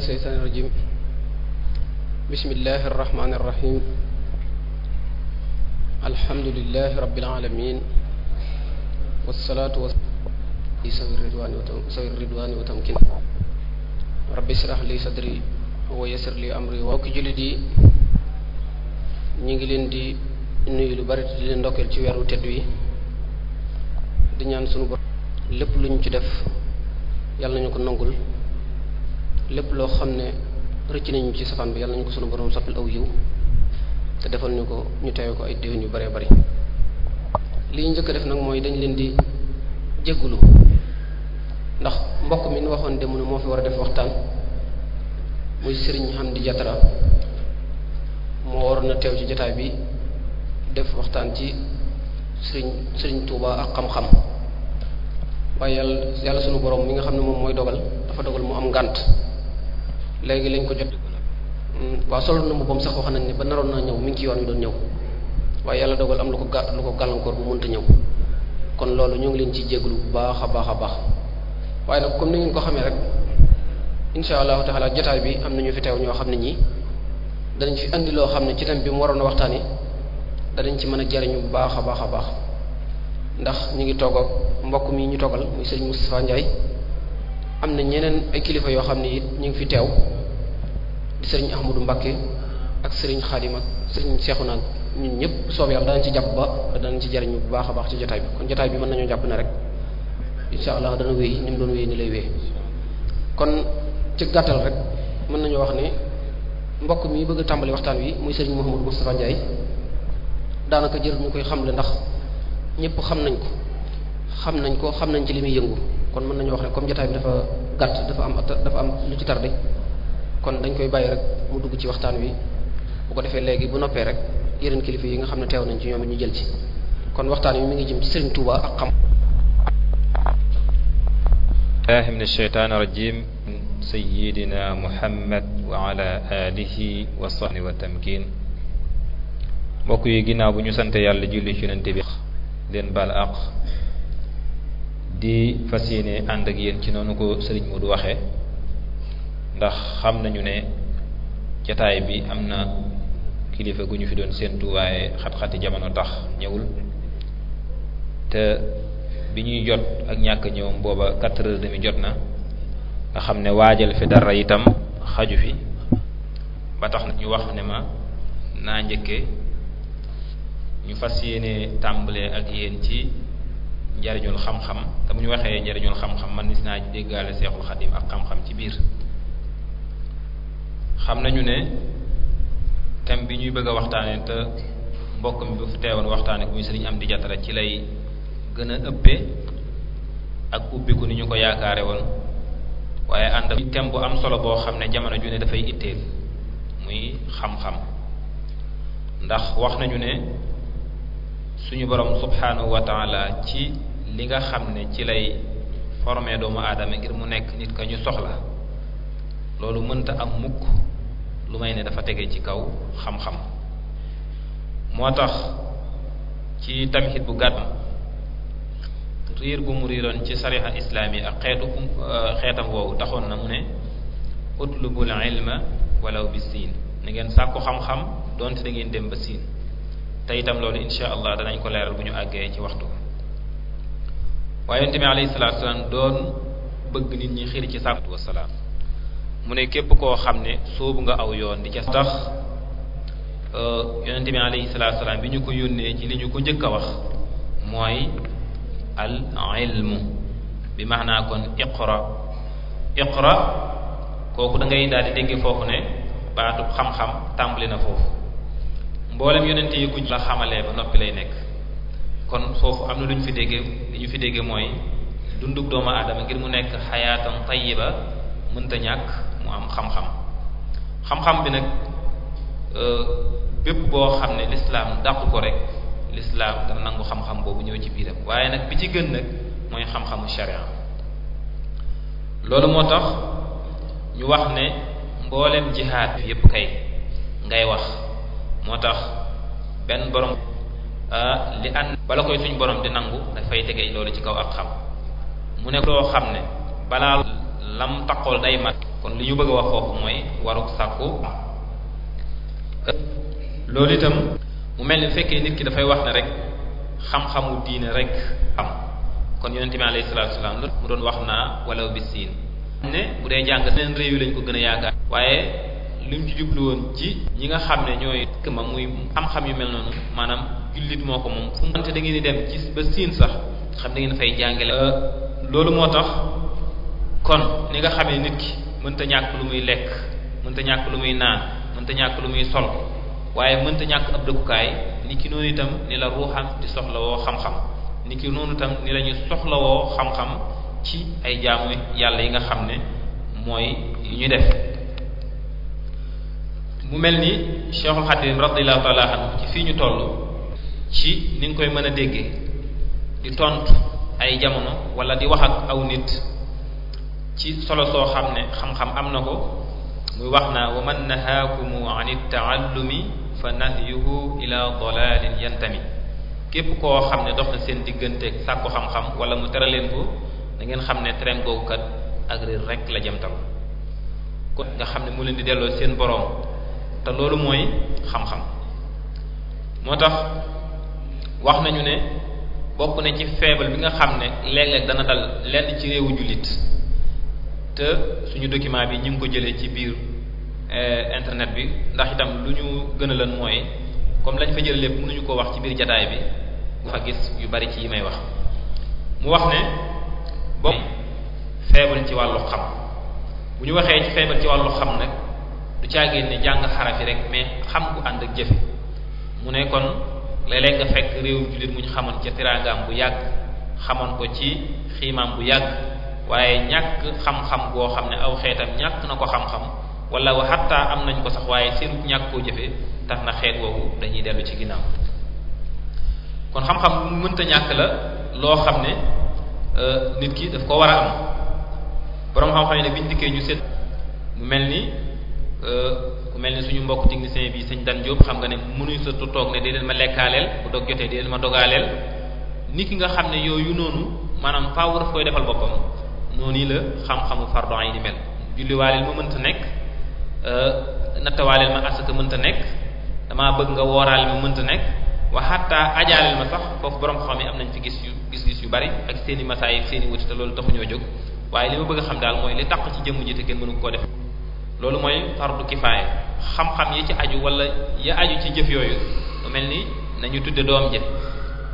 seytaan irajim bismillahi arrahmani irrahim alhamdulilahi rabilalamin wasalaatu wasalaam sawi ridwani wa tam sawi wa tamkin rabbi israh li sadri wa yasir li amri wa ki jullit yi ñu ngi leen di nuyu lu bari di leen ndokkeel ci weeru tedd wi di ñaan sunu bopp lépp lu ñu ci def yàlla nañu ko nangul lépp loo xam ne rëcc nañu ci safaan bi yàlla nañu ko sunu borom soppil aw yiw te defal ñu ko ñu teewe ko ay déwén yu bëree bëri li ñu njëkk a def nag mooy dañ leen di jéggulu ndax mbokk mi ni waxoon démb moo fi war a def waxtaan muy Serigne Hamdi Diatara moo waroon a teew ci jataay bi def waxtaan ci Serigne Serigne ak xam-xam waaye yàlla sunu borom mi nga xam ne moom mooy dogal dafa dogal mu am ngànt léegi lañ ko jot mm, waaw solo na mu bam sax wax nañ ne ba naroon naa ñëw mi ngi ci yoon wi doon ñëw waaye yàlla dogal am lu ko gà lu ko gàllankoor bu mënta ñëw kon loolu ñu ngi leen ciy jéglu bu baax a baax a baax waaye nag comme ni ko xamee rek insha allahu taala jotaay bi am nañu fi teew ñoo xam ne ñii danañ fi andi loo xam ne ci tam bi mu waroon a danañ ci mën a jariñu bu baax a baax a baax ndax ñu ngi toog ak mbokk mi ñu toogal muy sëñ Moustapha Ndiaye am na ñeneen ay kilifa yoo xam ne it ñu ngi fi teew di sëriñ Ahmadou Mbakke ak sëriñ Xaadim ak sëriñ Seexuna ñu ñëpp soobee am danañ ci jàpp ba danañ ci jariñu bu baax a ci jotaay bi bi mën nañoo jàpp ne rek incha allah dana wéy ni mu doon wéy lay wéy kon mën nañu wax ne mbokk mi bëgg a tàmbali waxtaan wi muy sëriñ Mouhamadou Moustapha Ndiaye daanaka jël ñu koy xamle ndax ñëpp xam nañ ko xam nañ ko xam nañ ci li muy yëngu kon mën nañu wax rek comme jotaay bi dafa gàtt dafa am dafa am lu ci tardé kon dañ koy bàyyi rek mu dugg ci waxtaan wi bu ko defee léegi bu noppee rek yeneen kilifa yi nga xam ne teew nañ ci ñoom it ñu jël ci kon waxtaan wi mi ngi jëm ci Serigne Touba ak xam billahi min asheytaan irajim sayidina muhammad wa ala alihi wa sahbi wa tamkin mbokk yi ginnaaw bu ñu sante yàlla julli ci yonente bi leen baal àq di fas yéene ànd ak yéen ci noonu ko sëriñ du waxe ndax xam nañu ne jataay bi am na kilifa gu ñu fi doon séentu waaye xat-xati jamono tax ñëwul te bi ñuy jot ak ñàkk ñëwam booba quatre heures jot na nga xam ne waajal fi dara itam xaju fi ba tax na ñu wax ne ma naa njëkkee ñu fas yéene tàmbalee ak yéen ci njariñul xam-xam te bu ñu waxee njariñul xam-xam man gis naa déggaale seexul xadim ak xam-xam ci biir xam nañu ne thème bi ñuy bëgg a waxtaane te mbokk mi bu fi teewoon waxtaane ku muy sëriñ am di jatara ci lay gën a ëppee ak ubbiku ni ñu ko yaakaare woon waaye ànd ak thème bu am solo boo xam ne jamono ju ne dafay itteel muy xam-xam ndax wax nañu ne suñu boroom subhanahu wa ci li nga xam ne ci lay former doomu aadama ngir mu nekk nit ka ñu soxla loolu mënta am mukk lu may ne dafa tege ci kaw xam-xam moo tax ci tamxit bu gàtt riir gu mu riiroon ci sariha islaam yi ak xeetu euh, xeetam woowu taxoon na mu ne utlubul ilma walaw bi siin na ngeen sàkku xam-xam doonte da ngeen dem ba siin te itam loolu insha allah danañ ko leeral bu ñu àggee ci waxtu waaye yonent bi alayhi salaatu doon bëgg nit ñi xiri ci sàkku wasalaam mu ne képp koo xam ne soobu nga aw yoon di ca tax yonent bi alayhi salaatu bi ñu ko yónnee ci li ñu ko njëkk a wax mooy al ilmu bi maanaa kon iqra iqra kooku dangay ngay daal foofu ne baatu xam-xam tàmbali na foofu mboolem yonent yi ku la xamalee ba noppi lay nekk kon foofu am na lu ñu fi déggee li ñu fi déggee mooy dundug doomu aadama ngir mu nekk xayaatan tayyiba mënta ñàkk mu am xam-xam xam-xam bi nag euh, bépp boo xam ne lislaam dàq ko rek lislaam nangu xam-xam boobu ñëw ci biiram waaye nag bi ci gën nag mooy xam-xamu sharia loolu moo tax ñu wax ne mboolem jihaad yépp kay ngay wax moo tax benn borom Euh, li an bala koy suñ borom di nangu dafay tege loolu ci kaw ak xam mu ne loo xam ne balaa lam taqool day mat kon li ñu bëgg a wax mooy waruk sàkku loolu itam mu mel ni fekkee nit ki dafay wax ne rek xam-xamu diine rek am kon yonente bi alayhi salaatu mu doon wax naa walaw bi siin ne bu dee jàng seen réew yi lañ ko gën a yaakaar waaye li mu ci woon ci ñi nga xam ne ñooy këma muy xam-xam yu mel noonu maanaam jullit moo ko moom fu mu da ngeen di dem ci ba siin sax xam da ngeen fay jàngale. Euh, loolu moo tax kon ni nga xamee nit ki mënta ñàkk lu muy lekk mënta ñàkk lu muy naan mënta ñàkk lu muy sol waaye mënta ñàkk ab dëkkukaay ni ki noonu itam ni la ruuxam di soxlawoo xam-xam ni ki noonu itam ni la ñu soxlawoo xam-xam ci ay jaamu yàlla yi nga xam ne mooy yi ñu def mu mel ni Cheikhul Xadim radiyallahu taala anhu ci fii ñu ci ni nga koy mën a déggee di tontu ay jamono wala di wax ak aw nit ci solo soo xam ne xam-xam am na ko muy wax naa wa man nahaakumu an ittaallumi fa nahyuhu ila dalalin yantami képp koo xam ne dox na seen digganteeg sàkku xam-xam wala mu tere leen ko da ngeen xam ne train googu kat ak réer rek la jëm tam kon nga xam ne mu leen di delloo seen boroom te loolu mooy xam-xam moo tax wax nañu ne bokk na ci feebal bi nga xam ne léeg dana dal lenn ci réewu jullit te suñu document bi ñu ko jëlee ci biir euh, internet bi ndax itam lu ñu gën a lan mooy comme lañ fa jël lépp mënuñu ko wax ci biir jataay bi bu fa gis yu bari ci yi may wax mu wax ne bokk feebal ci wàllu xam bu ñu waxee ci feebal ci wàllu xam nag du caagéen ne jàng xaraf yi rek mais xam ku ànd ak jëfe mu ne kon léeg-léeg nga fekk réewum jullit mu xamoon ca tiraangaam bu yàgg xamoon ko ci xiimaam bu yàgg waaye ñàkk xam-xam goo xam ne aw xeetam ñàkk na ko xam-xam wala wa hatta am nañ ko sax waaye seen ñàkk koo jëfee tax na xeet woowu dañuy dellu ci ginnaaw kon xam-xam bu mënta ñàkk la loo xam ne euh, nit ki daf ko war a am borom xam-xam yi ne biñ dikkee ñu seet mu mel ni. Euh, ku mel ne suñu mbokk technicien bi sëñ Dan Diop xam nga ne mënuñ sa toog ne di leen ma lekkaaleel bu dog jotee di leen ma dogaaleel nit ki nga xam ne yooyu noonu maanaam faaw daf koy defal boppam noonu la xam-xamu fardu yi di mel julliwaaleel ma mënta nekk euh, nattawaaleel ma asaka mënta nekk damaa bëgg nga wooraal ma mënta nekk wa hatta ajaaleel ma sax foofu borom xam yi am nañ fi gis gis-gis yu bari ak seen i masaay ak seen i wuti te loolu taxuñoo jóg waaye li ma bëgg ci jëmm ji te mënu ko def loolu mooy fardu kifaaya xam-xam yi ci aju wala ya aju ci jëf yooyu lu mel ni nañu tudde doom ja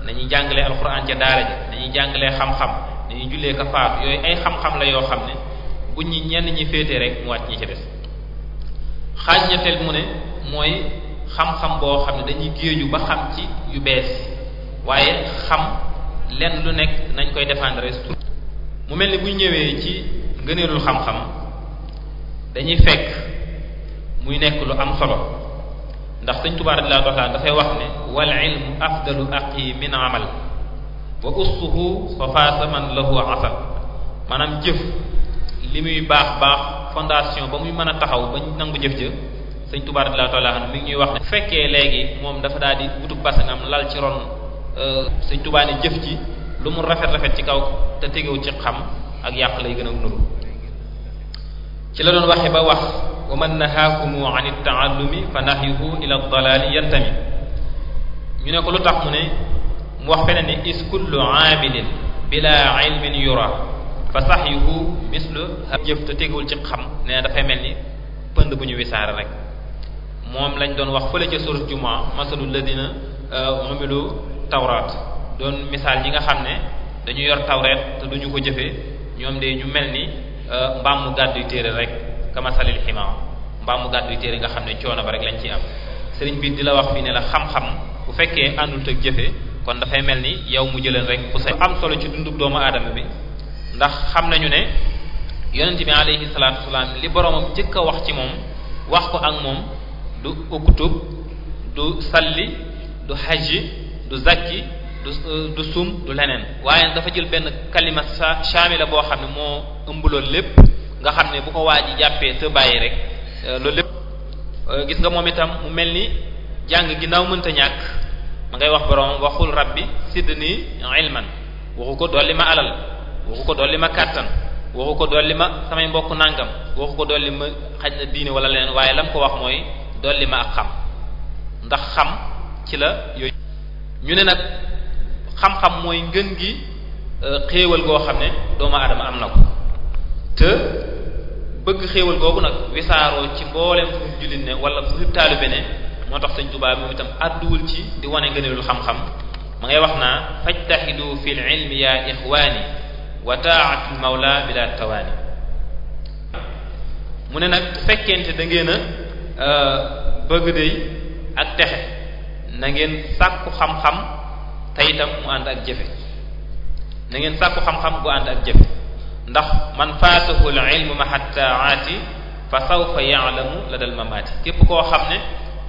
nañuy jàngalee alxuraan ca daara ja nañuy jàngalee xam-xam nañuy jullee ka yooyu ay xam-xam la yoo xam ne bu ñi ñenn ñi féete rek mu ñi ci des xaaj mu ne mooy xam-xam boo xam ne dañuy géeju ba xam ci yu bees waaye xam lenn lu nekk nañ koy défendre mu mel ni bu ñëwee ci ngëneelul xam-xam dañuy fekk muy nekk lu am solo ndax sëñ Tuubaa radiyallaahu taala dafay wax ne wal ilmu afdalu aqi min amal wa ussuhu fa faasa man lahu asal maanaam jëf li muy baax baax fondation ba muy mën a taxaw ba ñu nangu jëf jëf sëñ Tuubaa radiyallaahu taala mi ngi ñuy wax ne fekkee léegi moom dafa daal di wutub basangam lal ci ron euh, sëñ Tuubaa ne jëf ji lu mu rafet rafet ci kaw te tegewul ci xam ak yàq lay gën a nuru ci la doon waxe ba wax wa man nahaakumu an ittaallumi fa nahyuhu ila dalaali yantami ñu ne ko lu tax mu ne mu wax feneen ne is kullu aamilin bila ilmin yura fa sahyuhu mislu jëf te teguwul ci xam ne dafay mel ni pënd bu ñu wisaare rek moom lañ doon wax fële ca surat jumaa masalu ladina euh, umilu tawraat doon misaal yi nga xam ne dañu yor tawreet te duñu ko jëfee ñoom de ñu mel ni Euh, mbaam mu gàddu téere rek kama salil ximaam mbaam mu gàddu téere nga xam ne coono ba rek lañ ci am sëriñ bi di la wax fii ne la xam-xam bu fekkee àndul ak jëfe kon dafay mel ni yow mu jëleen rek ku sa am solo ci dundub doomu aadama bi ndax xam nañu ne yonent bi alayhi salaatu wasalaam li boromam jëkk a wax ci moom wax ko ak moom du ukutub du salli du xajji du zakki du euh, du sum du leneen waaye dafa jël benn kalima sa shamila boo xam ne moo ëmb loolu lépp nga xam ne bu ko waa ji jàppee te bàyyi rek euh, loolu lépp euh, gis nga moom itam mu mel ni jàng ginnaaw mënta ñàkk ma ngay wax borom waxul rabbi sidni ilman waxu ko dolli ma alal waxu ko dolli ma kàttan waxu ko dolli ma samay mbokk nàngam waxu ko dolli ma xaj na diine wala leneen waaye lam ko wax mooy dolli ma ak xam ndax xam ci la yooyu ñu ne nag xam-xam mooy ngën gi euh, xéewal goo xam ne doomu aadama am na ko te bëgg xéewal googu nag wisaaroo ci mboolem fu jullit ne wala fu taalibe ne moo tax sëñ Tuubaa moom itam àdduwul ci di wane ngëneelul xam-xam ma ngay wax naa fajtahidu wa taatul mawla bila tawaani mu ne nag fekkente da ngeen euh, bëgg day ak texe na ngeen sàkku xam-xam te itam mu ànd ak jëfe na ngeen sàkku xam-xam bu ànd ak jëfe ndax man faatahu al ilmu mahattaati fa sawfa ya'lamu la dal mamaati képp koo xam ne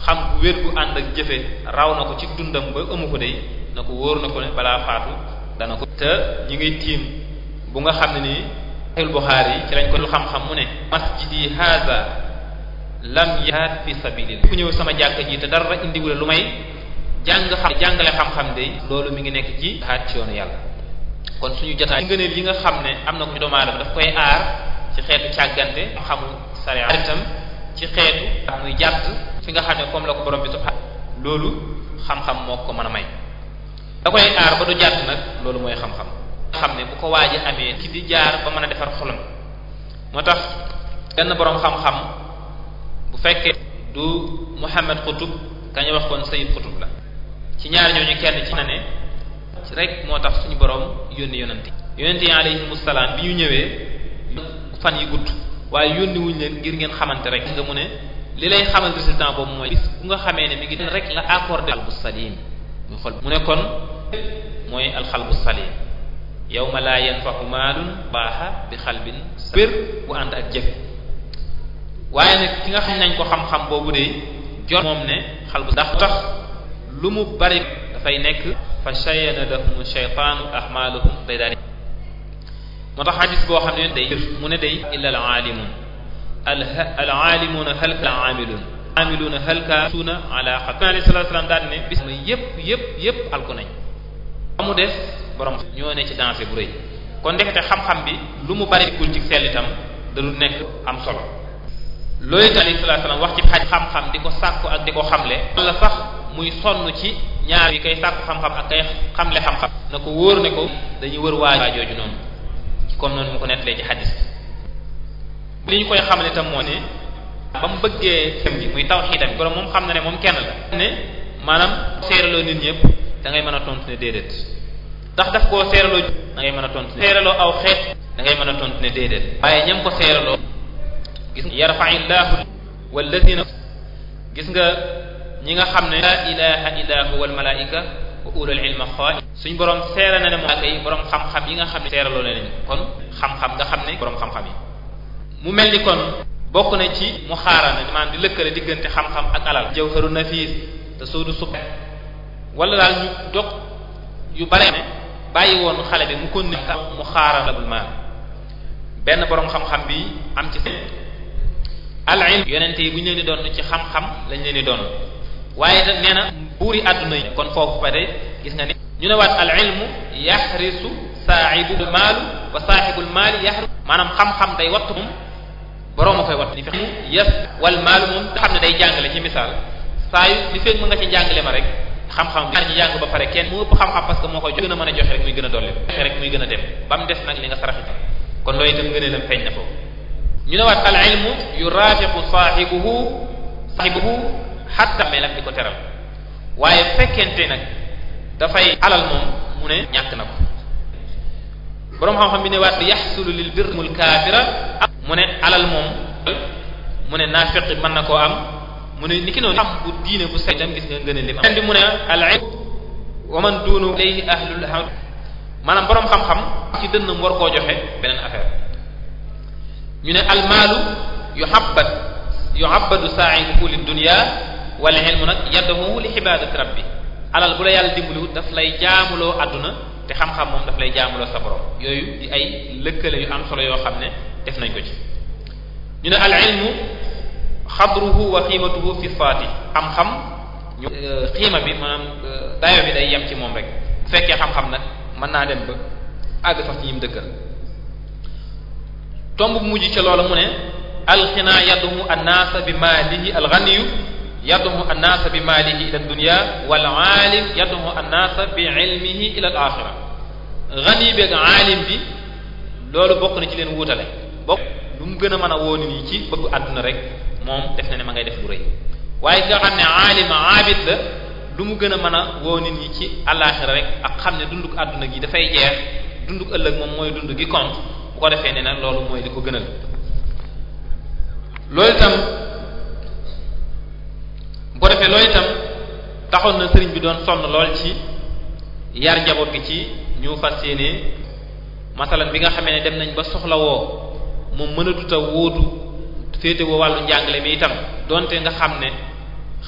xam ku wér gu ànd ak jëfe raw na ko ci dundam ba amu ko day na ko wóor na ko ne balaa faatu dana ko te ñi ngi tiim bu nga xam ne nii al Buxaari yi ci lañ ko lu xam-xam mu ne masjidi haza lam yaat fi sabilillah ku ñëw sama jàkka ji te dara indiwule lu may jàng xam jàngale xam-xam de loolu mi ngi nekk ci xaaj ci yoonu yàlla kon suñu jotaay ngëneel yi nga xam ne am na ko ci doomu aadama daf koy aar ci xeetu càggante xamu sariya itam ci xeetu ak jàpp fi nga xam ne comme ko borom bi subhanahu loolu xam moo ko mën a may da koy jàpp nag loolu mooy xam-xam ne bu ko waaji amee ki di jaar ba mën a defar xolam moo tax benn borom xam-xam bu fekkee du Muhammad Qutub kañu wax kon Sayyid Qutub la ci ñaar ñooñu kenn ci na ne rek moo tax suñu borom yónni yonante yonante yi salaam bi ñu ñëwee fan yi gudd waaye yónni wuñ leen ngir ngeen xamante rek nga mu ne li lay xamal résultat boobu mooy bis bu nga xamee ne mi ngi rek la accordé xalbu salim muy xol mu ne kon mooy alxalbu salim yawma laa yanfa'u maalun baaxa bi xalbin bir bu ànd ak jëf waaye nag ki nga xam nañ ko xam-xam boobu de jot moom ne xalbu ndax tax lu mu bari dafay nekk fa shayyana lahum shaytaanu ahmaalahum day daal moo tax xadis boo xam ne day mu ne day illa al aalimun al aalimuuna halka al aamiluun aamiluuna halka suuna ala xat alayhi daal ne bis yépp yépp yépp alku nañ amu des borom ñoo ne ci danger bu rëy kon ndekete xam-xam bi lu mu bari kul ci sell itam da du nekk am solo loolu it alayhi salaatu wax ci xam-xam di ko sàkku ak di ko xamle walla sax muy sonn ci ñaar yi kay sàkku xam-xam ak kay xamle xam-xam na ko wóor ne ko dañuy wër waajaa jooju noonu comme noonu mu ko nettalee ci xadis bi li ñu koy xamle itam moo ne ba mu bëggee tam bi muy tawxiidam kon moom xam na ne moom kenn la ne maanaam seeraloo nit ñëpp da ngay mën a tontu ne déedéet ndax daf koo seeraloo da ngay mën a tontu ne aw xeet da mën a tontu ne déedéet waaye ñam ko seeraloo gis nga yarfa'illahu walladina gis nga ñi nga xam ne la ilaha illa huwa al malaika wa ulul ilma xaay suñ borom seera na ne malaaka yi borom xam-xam yi nga xam ne seeraloo na leen kon xam-xam nga xam ne borom xam-xam yi mu mel ni kon bokk na ci mu xaarana maanaam di lëkkale diggante xam-xam ak alal jawharu nafis te soodu sub wala daal ñu dog yu bare ne bàyyi woon xale bi mu kon ni mu xaaral labul maal benn boroom xam-xam bi am ci al ilm yonente yi bu ñu leen di doon ci xam-xam leen di doon waaye nag nee na yi àdduna yi kon foofu ba tey gis nga ni ñu ne waat al ilmu yaxrisu saaxibul maalu wa saaxibul maali yaxrisu maanaam xam-xam day wattu moom borom a koy wattu ni fi yes wal maalu moom te xam day jàngale ci misaal saa li feeg mu nga ci ma rek xam-xam bi ñaar ba pare kenn mu xam-xam parce que moo koy mën a joxe rek muy gën a dolli rek muy gën a dem ba mu des nag li kon loolu itam ngëneelam feeñ na foofu ñu ne waat al ilmu yurafiqu saaxibuhu saaxibuhu xatta melam di ko teral waaye fekkente nag dafay alal moom mu ne ñàkk na ko boroom xam-xam bi ne waat bi yaxsulu lil birmul kaafira mu ne alal moom mu ne naafiq mën na koo am mu ne ni ki noonu am bu diine bu set itam gis nga ngën a lim am di mu ne al wa man duunu alayhi ahlul maanaam boroom xam-xam ci dënnam war koo joxe beneen affaire ñu ne almaalu yuhabbat yuhabbadu saa'idu li dunya wala ilmu nag mu li ibaadati rabbi alal bu la yàlla dimbaliwut daf lay jaamuloo àdduna te xam-xam moom daf lay jaamuloo sa yooyu di ay lëkkale yu am solo yoo xam ne def nañ ko ci ñu ne al ilmu xadruhu wa qiimatuhu fi euh, bi maanaam euh, dayo bi day yem ci moom rek bu fekkee xam-xam nag mën naa dem ba àgg sax ci ñim mu ne alxinaa bi maalihi alxaniyu yadumu annaasa bi maalihi ila dunia wal aalim yadumu annaasa bi ilmihi ila al axira xani beeg bi loolu bokk na ci leen wuutale bokk lu mu gën a mën a woo nit ci bëgg àdduna rek moom def na ne ma ngay def bu rëy waaye ki nga la lu mu gën a mën a woo nit ci àllaaxira rek ak xam ne dunduk àdduna gi dafay jeex dunduk ëllëg moom mooy dund gi compte bu ko defee ne nag loolu mooy li ko gënal loolu tam defee loolu itam taxoon na sëriñ bi doon sonn lool ci yar njaboot gi ci ñu fas yéene masalan bi nga xamee ne dem nañ ba soxlawoo moom mënatut a wóotu féete woo wàllu njàngale mi itam donte nga xam ne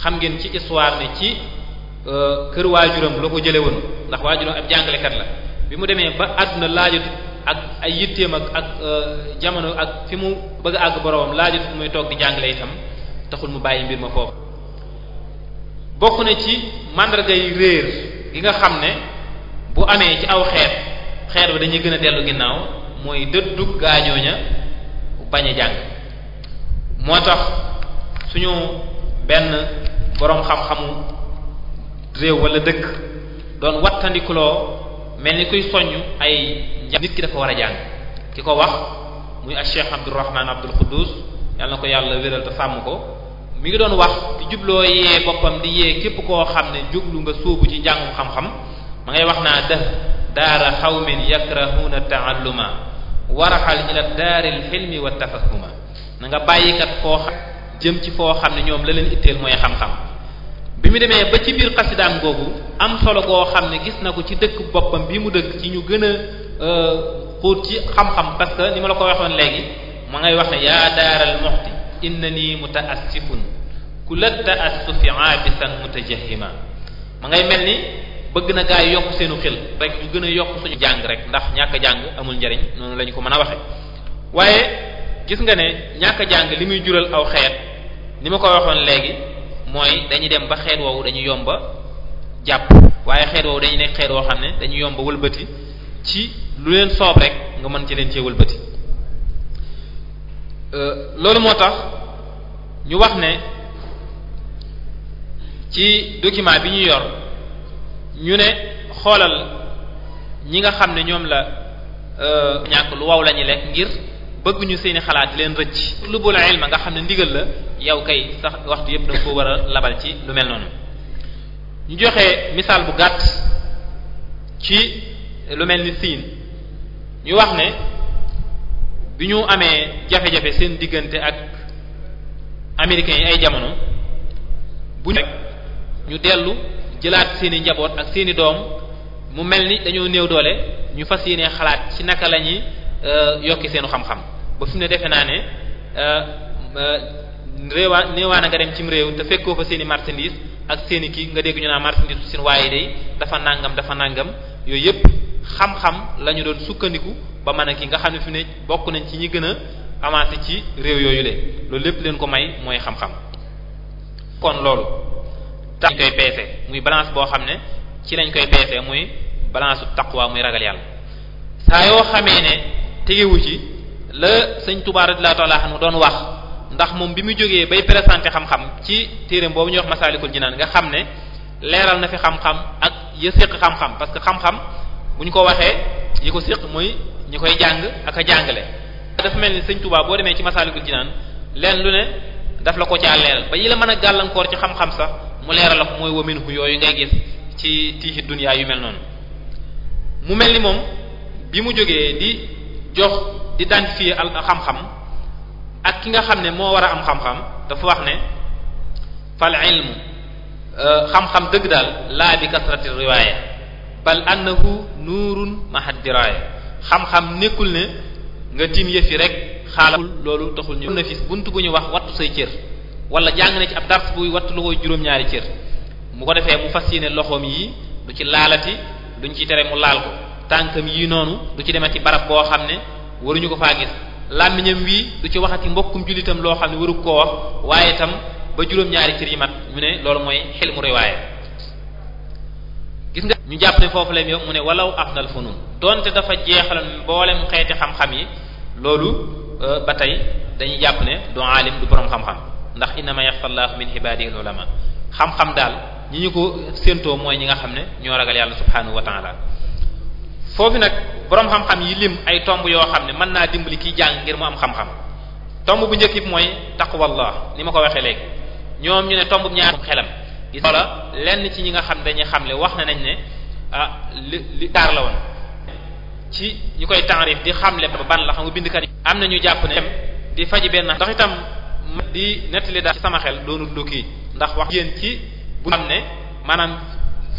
xam ngeen ci histoire ne ci euh, kër waajuram loo ko jële woon ndax waajuram ab jàngalekat la bi mu demee ba àdduna laajut ak ay yitteem ak ak euh, jamono ak fi mu bëgg a àgg boroomam laajut fu muy toog di jàngale itam taxul mu bàyyi mbir ma foofu bokk na ci mandarga yi réer gi nga xam ne bu amee ci aw xeet xeet ba dañuy gën a dellu ginnaaw mooy dëddu gaañoo ña bañ a jàng moo tax suñu benn boroom xam-xamu réew wala dëkk doon wattandikuloo mel ni kuy soññ ay nit ki dafa war a jàng ki ko wax muy a Cheikh Abdourahman Abdul Quddus yàlla na ko yàlla wéral te sàmm ko mi ngi doon wax di jubloo yee boppam di yee képp koo xam ne jublu nga sóobu ci njàngum xam-xam ma ngay wax naa def daara xawmin yakrahuna taalluma waraxal ila daaril xilmi wa tafahuma na nga bàyyikat koo xam jëm ci foo xam ne ñoom la leen itteel mooy xam-xam bi mu demee ba ci biir xasidaam googu am solo goo xam ne gis na ko ci dëkk boppam bi mu dëkk ci ñu gën a euh, xóot ci xam-xam parce que ni ma la ko waxoon léegi ma ngay wax ne yaa daaral muxti innani mutaassifun ku la taassufi aabisan mutajahima ma ngay mel ni bëgg na gaa yi yokk seenu xel rek ñu gën a yokk suñu jàng rek ndax ñàkk a jàng amul njariñ noonu lañu ko mën a waxe waaye gis nga ne ñàkk a jàng li muy jural aw xeet ni ma ko waxoon léegi mooy dañuy dem ba xeet woowu dañu yomba jàpp waaye xeet woowu dañu nekk xeet woo xam ne dañu yomba wëlbati ci lu leen soob rek nga mën ci leen cee Euh, loolu moo tax ñu wax ne ci document bi ñu yor ñu ne xoolal ñi nga xam ne ñoom la euh, ñàkk lu waw lañuy ñu lekk ngir bëgguñu seeni xalaat leen rëcc lu bula ilma nga xam ne ndigal la yow kay sax waxtu yépp da nga ko war a labal ci lu mel noonu ñu joxe misaal bu gàtt ci lu mel ni siin ñu wax ne bi ñu amee jafe-jafe seen diggante ak américains yi ay jamono bu rek ñu dellu jëlaat seeni njaboot ak seeni doom mu mel ni dañoo néew doole ñu fas yéene xalaat ci naka la ñuy euh, yokki seenu xam-xam ba fi ne defe naa ne euh, euh, réewaa néewaa na nga dem cim réew te fekkoo fa seeni marchandise ak seeni kii nga dégg ñu naa marchandise bu seen waaye day dafa nangam dafa nangam yooyu yépp xam-xam la doon sukkandiku ba mën a ki nga xam ne fi ne bokk nañ ci ñi gën a avancé ci réew yooyu le loolu lépp leen ko may mooy xam-xam kon loolu tax koy peese muy balance boo xam ne ci lañ koy peese muy balance taqwa muy ragal yàlla saa yoo xamee ne tegewu ci la sëñ Tuubaa laa xam anhu doon wax ndax moom bi mu jógee bay présenté xam-xam ci téereem boobu ñuy wax Masaalikul Jinaan nga xam ne leeral na fi xam-xam ak yëseq xam-xam parce que xam-xam bu ñu ko waxee yi ko séq mooy ñi koy jàng ak a jàngale dafa mel ni sëñ Touba boo demee ci Masaalikul Jinaan leen lu ne daf la ko caa leeral ba yi la mën a gàllankoor ci xam-xam sax mu leeral la ko mooy wamin hu yooyu ngay gis ci tiixi dunyaa yu mel noonu mu mel ni moom bi mu jógee di jox di identifier al xam-xam ak ki nga xam ne moo war a am xam-xam dafa wax ne fal ilmu euh, xam-xam dëgg daal laa bi kasrati riwaaya bal annahu nuurun mahaddiraya xam-xam nekkul ne nga tiim yëf yi rek xaalal loolu taxul ñu na fi bunt bu ñu wax wattu say cër wala jàng na ci ab dars buy wattu lu koy juróom-ñaari cër mu ko defee mu fas ne loxoom yi du ci laalati duñ ci tere mu laal ko tànkam yi noonu du ci demee ci barab boo xam ne waruñu ko faa gis làmmiñam wii du ci waxati mbokkum jullitam loo xam ne waru koo wax waaye itam ba juróom-ñaari cër yi mat mu ne loolu mooy xel mu riwaaya ñu jàpp ne foofu la mu ne walaw afdal funun donte dafa jeexal mboolem xeeti xam-xam yi loolu euh, ba tey dañuy jàpp ne du alim du borom xam-xam ndax innama yaxsallaahu min ibaadihi ulama xam-xam daal ñi ñu ko séentoo mooy ñi nga xam ne ñoo ragal yàlla subhaanahu wa taala foofu nag boroom xam-xam yi lim ay tomb yoo xam ne mën naa dimbali kiy jàng ngir mu am xam-xam tomb bu njëkk bi mooy taqwallah ni ma ko waxee léegi ñoom ñu ne tomb ñaar xelam. gis ñi nga xam dañuy xamle wax na nañ ne. ah li li taar la woon ci ñu koy taarif di xamle ba ban la xam nga bindkat yi am na ñu jàpp ne di faj benn ndax itam di nettali daal ci sama xel doonul lu kii ndax wax yéen ci bu xam ne maanaam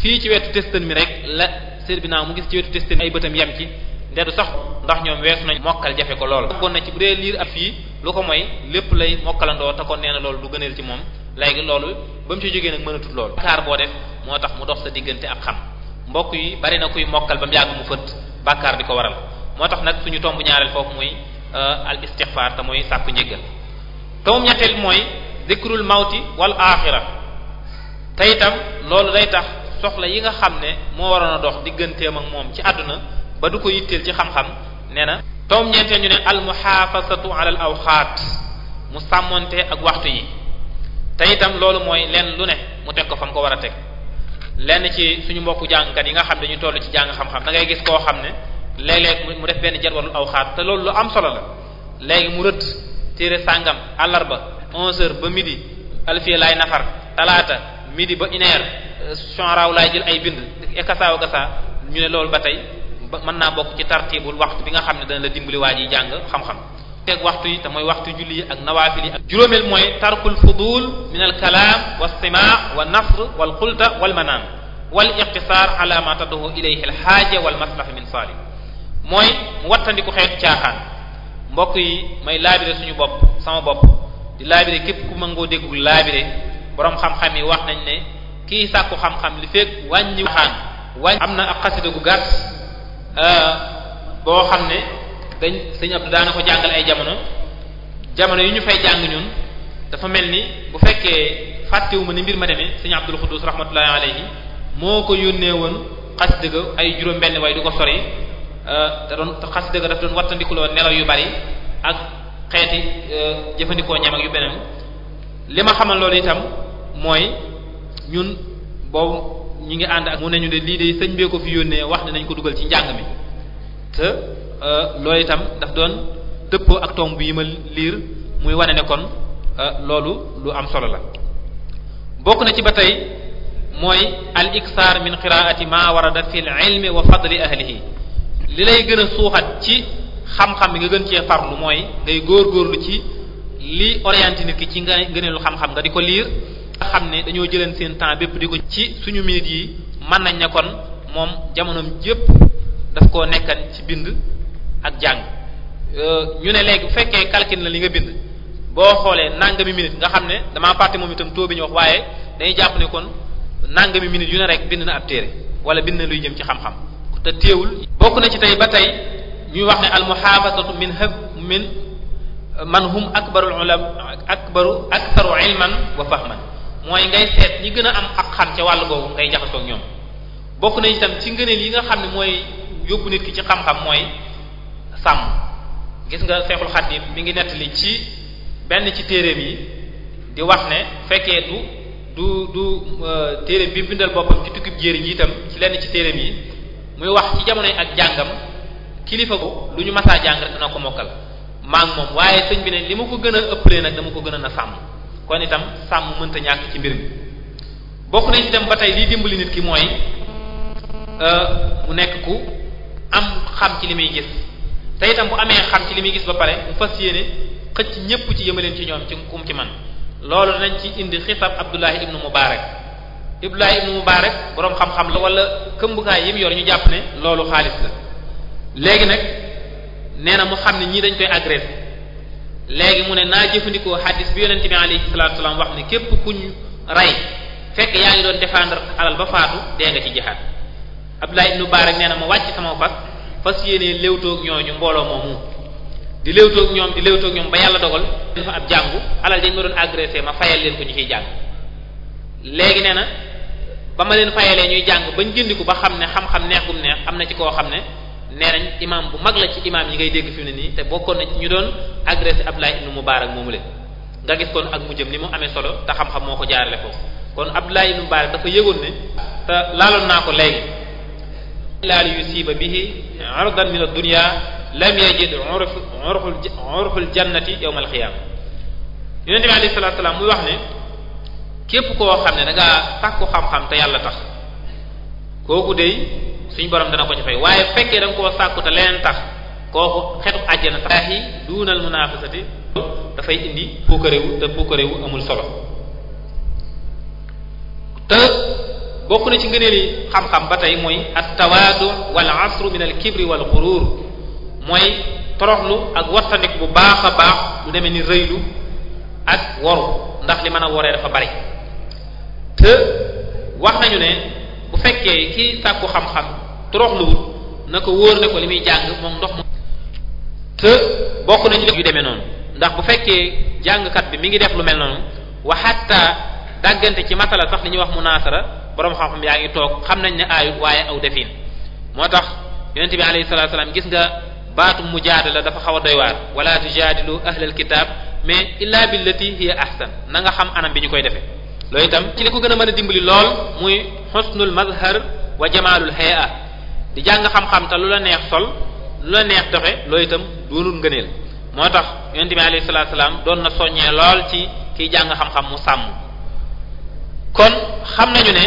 fii ci wetu testan mi rek la serbinaa mu gis ci wetu testan ay bëtam yem ci ndedu sax ndax ñoom weesu nañ mokkal jafe ko lool bokkoon na ci bu dee liir ak fii lu ko mooy lépp lay mokkalandoo te kon nee na loolu du gëneel ci moom léegi loolu ba mu ci jógee nag mënatut loolu moo tax mu dox sa diggante ak xam bokk yi bari na kuy mokkal ba mu yàgg mu fët bàkkaar di ko waral moo tax nag suñu tomb ñaareel foofu muy euh, al istighfar te mooy sàkku njëggal tomb ñetteel mooy zikrul mawti wal aaxira te itam loolu day tax soxla yi nga xam ne moo waroon a dox digganteem ak moom ci àdduna ba du ko yitteel ci xam-xam nee na tomb ñeenteel ñu ne al muhaafasatu ala al awqaat mu sàmmonte ak waxtu yi te loolu mooy lenn lu ne mu teg ko fa mu ko war a teg lenn ci suñu mbokku jàngkat yi nga xam dañu toll ci jàng xam-xam da gis koo xam ne léeg-léeg mu def benn jadwalul aw xaat te lool lu am solo la léegi mu rëdd téere sàngam àllarba 11h ba midi alfiya laay nafar talaata midi ba une heure chanraaw euh, jël ay bind ekasaaw gasaa ñu ne loolu ba tey ba mën naa bokk ci tartibul waxtu bi nga xam ne dana la dimbali waa ji jàng xam-xam teg waxtu yi te mooy waxtu julli yi ak nawaafil yi ak juróomeel mooy tarkul fudul min al kalaam wa simaa wa nasr wal xulta wal manaan wal iqtisaar ala ma tadduhu ilayhi al xaaja wal maslaha min saali mbokk yi may laabire suñu bopp sama bopp di laabire képp ku mën déggul laabire boroom xam-xam yi wax nañ ne kii sàkku xam-xam li fekk wàññi waxaan wàññi am na ak xasida gu gàtt euh, boo xam ne dañ sëñ Abdou daana ko jàngal ay jamono jamono yu ñu fay jàng ñun dafa mel ni bu fekkee fàttewu ma ni mbir ma demee sëñ Abdul Xuddus rahmatullahi alayhi moo ko yónnee woon xas dëgg ay juróom benn way du ko sori te euh, doon xas dëgg daf doon wattandikuloo nelaw yu bari ak xeeti euh, jëfandikoo ñam yu beneen li ma xamal loolu itam mooy ñun boobu ñu ngi ànd ak mu nañu de lii de sëñ bee ko fi yónnee wax ne nañ ko dugal ci njàng mi Euh, loolu itam daf doon dëppoo ak tomb yi ma liir muy wane ne kon euh, loolu lu am solo la bokk na ci ba tey mooy al iksaar min qiraati ma warada fi l ilmi wa fadli ahlihi li lay gën a suuxat ci xam-xam bi nga gën cee farlu mooy ngay góor-góorlu ci li oriente nit ki ci nga gëneelu xam-xam nga di ko liir nga xam ne dañoo jëleen seen temps bépp di ko ci suñu minutes yi mën nañ ne kon moom jamonoom jépp daf koo nekkan ci bind ak jàng euh, ñu ne léegi bu fekkee calcul la li nga bind boo xoolee nangami minute nga xam ne damaa fàtte moom itam taux bi ñu wax waaye day jàpp ne kon nangami yu ne rek bind na ab téere wala bind na luy jëm ci xam-xam te téewul bokk na ci tey ba tey ñuy wax ne al muhafazatu min hab min man hum akbarul ulam akbaru aktharu ilman wa fahman mooy ngay seet ñi gën a am ak xam ca wàll boobu ngay jaxasoo ñoom bokk na itam ci ngëneel yi nga xam ne mooy yóbbu nit ki ci mooy sàmm gis nga Seexul Xadiim mi ngi nettali ci benn ci téereem yi di wax ne fekkee du du du euh, téereem bi bindal boppam ci tukkib jéeri ji itam ci lenn ci téereem yi muy wax ci jamono ak jàngam kilifa ko lu ñu masaa jàng rek dana ko mokkal maa ngi moom waaye sëñ bi ne li ma ko gën a ëppalee nag dama ko gën a na sàmm kon itam sàmm mënta ñàkk ci mbir mi bokk nañ itam ba tey liy dimbali nit ki mooy euh, mu nekk ku am xam ci li muy gis te itam bu amee xam ci li muy gis ba pare mu fas yéene xëcc ñépp ci yëmaleen ci ñoom ci kum ci man loolu danañ ci indi xisab Abdullahi ibnu Mubarak Abdullahi ibnu Mubarak boroom xam-xam la wala këmbukaay yi mu yor ñu jàpp ne loolu xaalis la léegi nag nee na mu xam ne ñii dañ koy agressé léegi mu ne naa jëfandikoo xaddis bi yonente bi alayhi salatu wasallam wax ni képp kuñ rey fekk yaa ngi doon défendre alal ba faatu dee nga ci jihaad Abdullahi ibnu Mubarak nee na ma wàcc sama fas fas yéene léewtoog ñooñu mbooloo moomu di léewtoog ñoom di léewtoog ñoom ba yàlla dogal dafa ab jàngu alal dañ ma doon agressé ma fayal leen ko ñu ciy nee na ba ma leen fayalee ñuy jàng bañ jëndiku ba xam ne xam-xam neex gum neex am na ci koo xam ne nee imaam bu mag la ci imaam yi ngay dégg fi mu ne nii te bokkoon na ñu doon agressé Abdullah ibn Mubarak moomu leen nga gis kon ak mu jëm ni mu amee solo te xam-xam moo ko jaarale foofu kon Abdullah ibn Mubarak dafa yëgoon ne te laaloon naa ko léegi illa li yusiba bihi ardan min ad-dunya lam yajid jannati yawm al-qiyam yonente bi ne képp koo xam ne da ngaa sàkku xam-xam te yàlla tax kooku dey suñ borom dana ko ci fay waaye fekkee da nga koo sàkku tax kooku xetu àjjana sax yi duunal dafay indi puukarewu te puukarewu amul solo bokk na ci ngëneel yi xam-xam ba tey mooy at tawaadu wal asru min al kibri wal xuruur mooy toroxlu ak wattandik bu baax a baax lu demee ni rëylu ak woru ndax li mën a woree dafa bari te nañu ne bu fekkee kii sàkku xam-xam toroxluwut na ko wóor ne ko li muy jàng ndox mu te bokk nañu yu demee noonu ndax bu fekkee jàngkat bi mi ngi def lu mel noonu wa hatta dàggante ci masala sax li ñuy wax munaasara borom xam-xam yaa ngi toog xam nañ ne aayut waaye aw defin moo tax yonente bi alayhi salatu salaam gis nga baatu mujaadala dafa xaw a doy waar wala tujaadilu ahlal kitaab mais illa billati hiya ahsan na nga xam anam bi ñu koy defee loolu itam ci li ko gën a mën a dimbali lool muy xusnul mazhar wa jamaalul hayaa di jàng xam-xam te lu la neex sol lu la neex doxe loolu itam doonul ngëneel moo tax yonente bi alayhi salatu salaam doon na soññee lool ci kiy jàng xam-xam mu sàmm kon xam nañu ne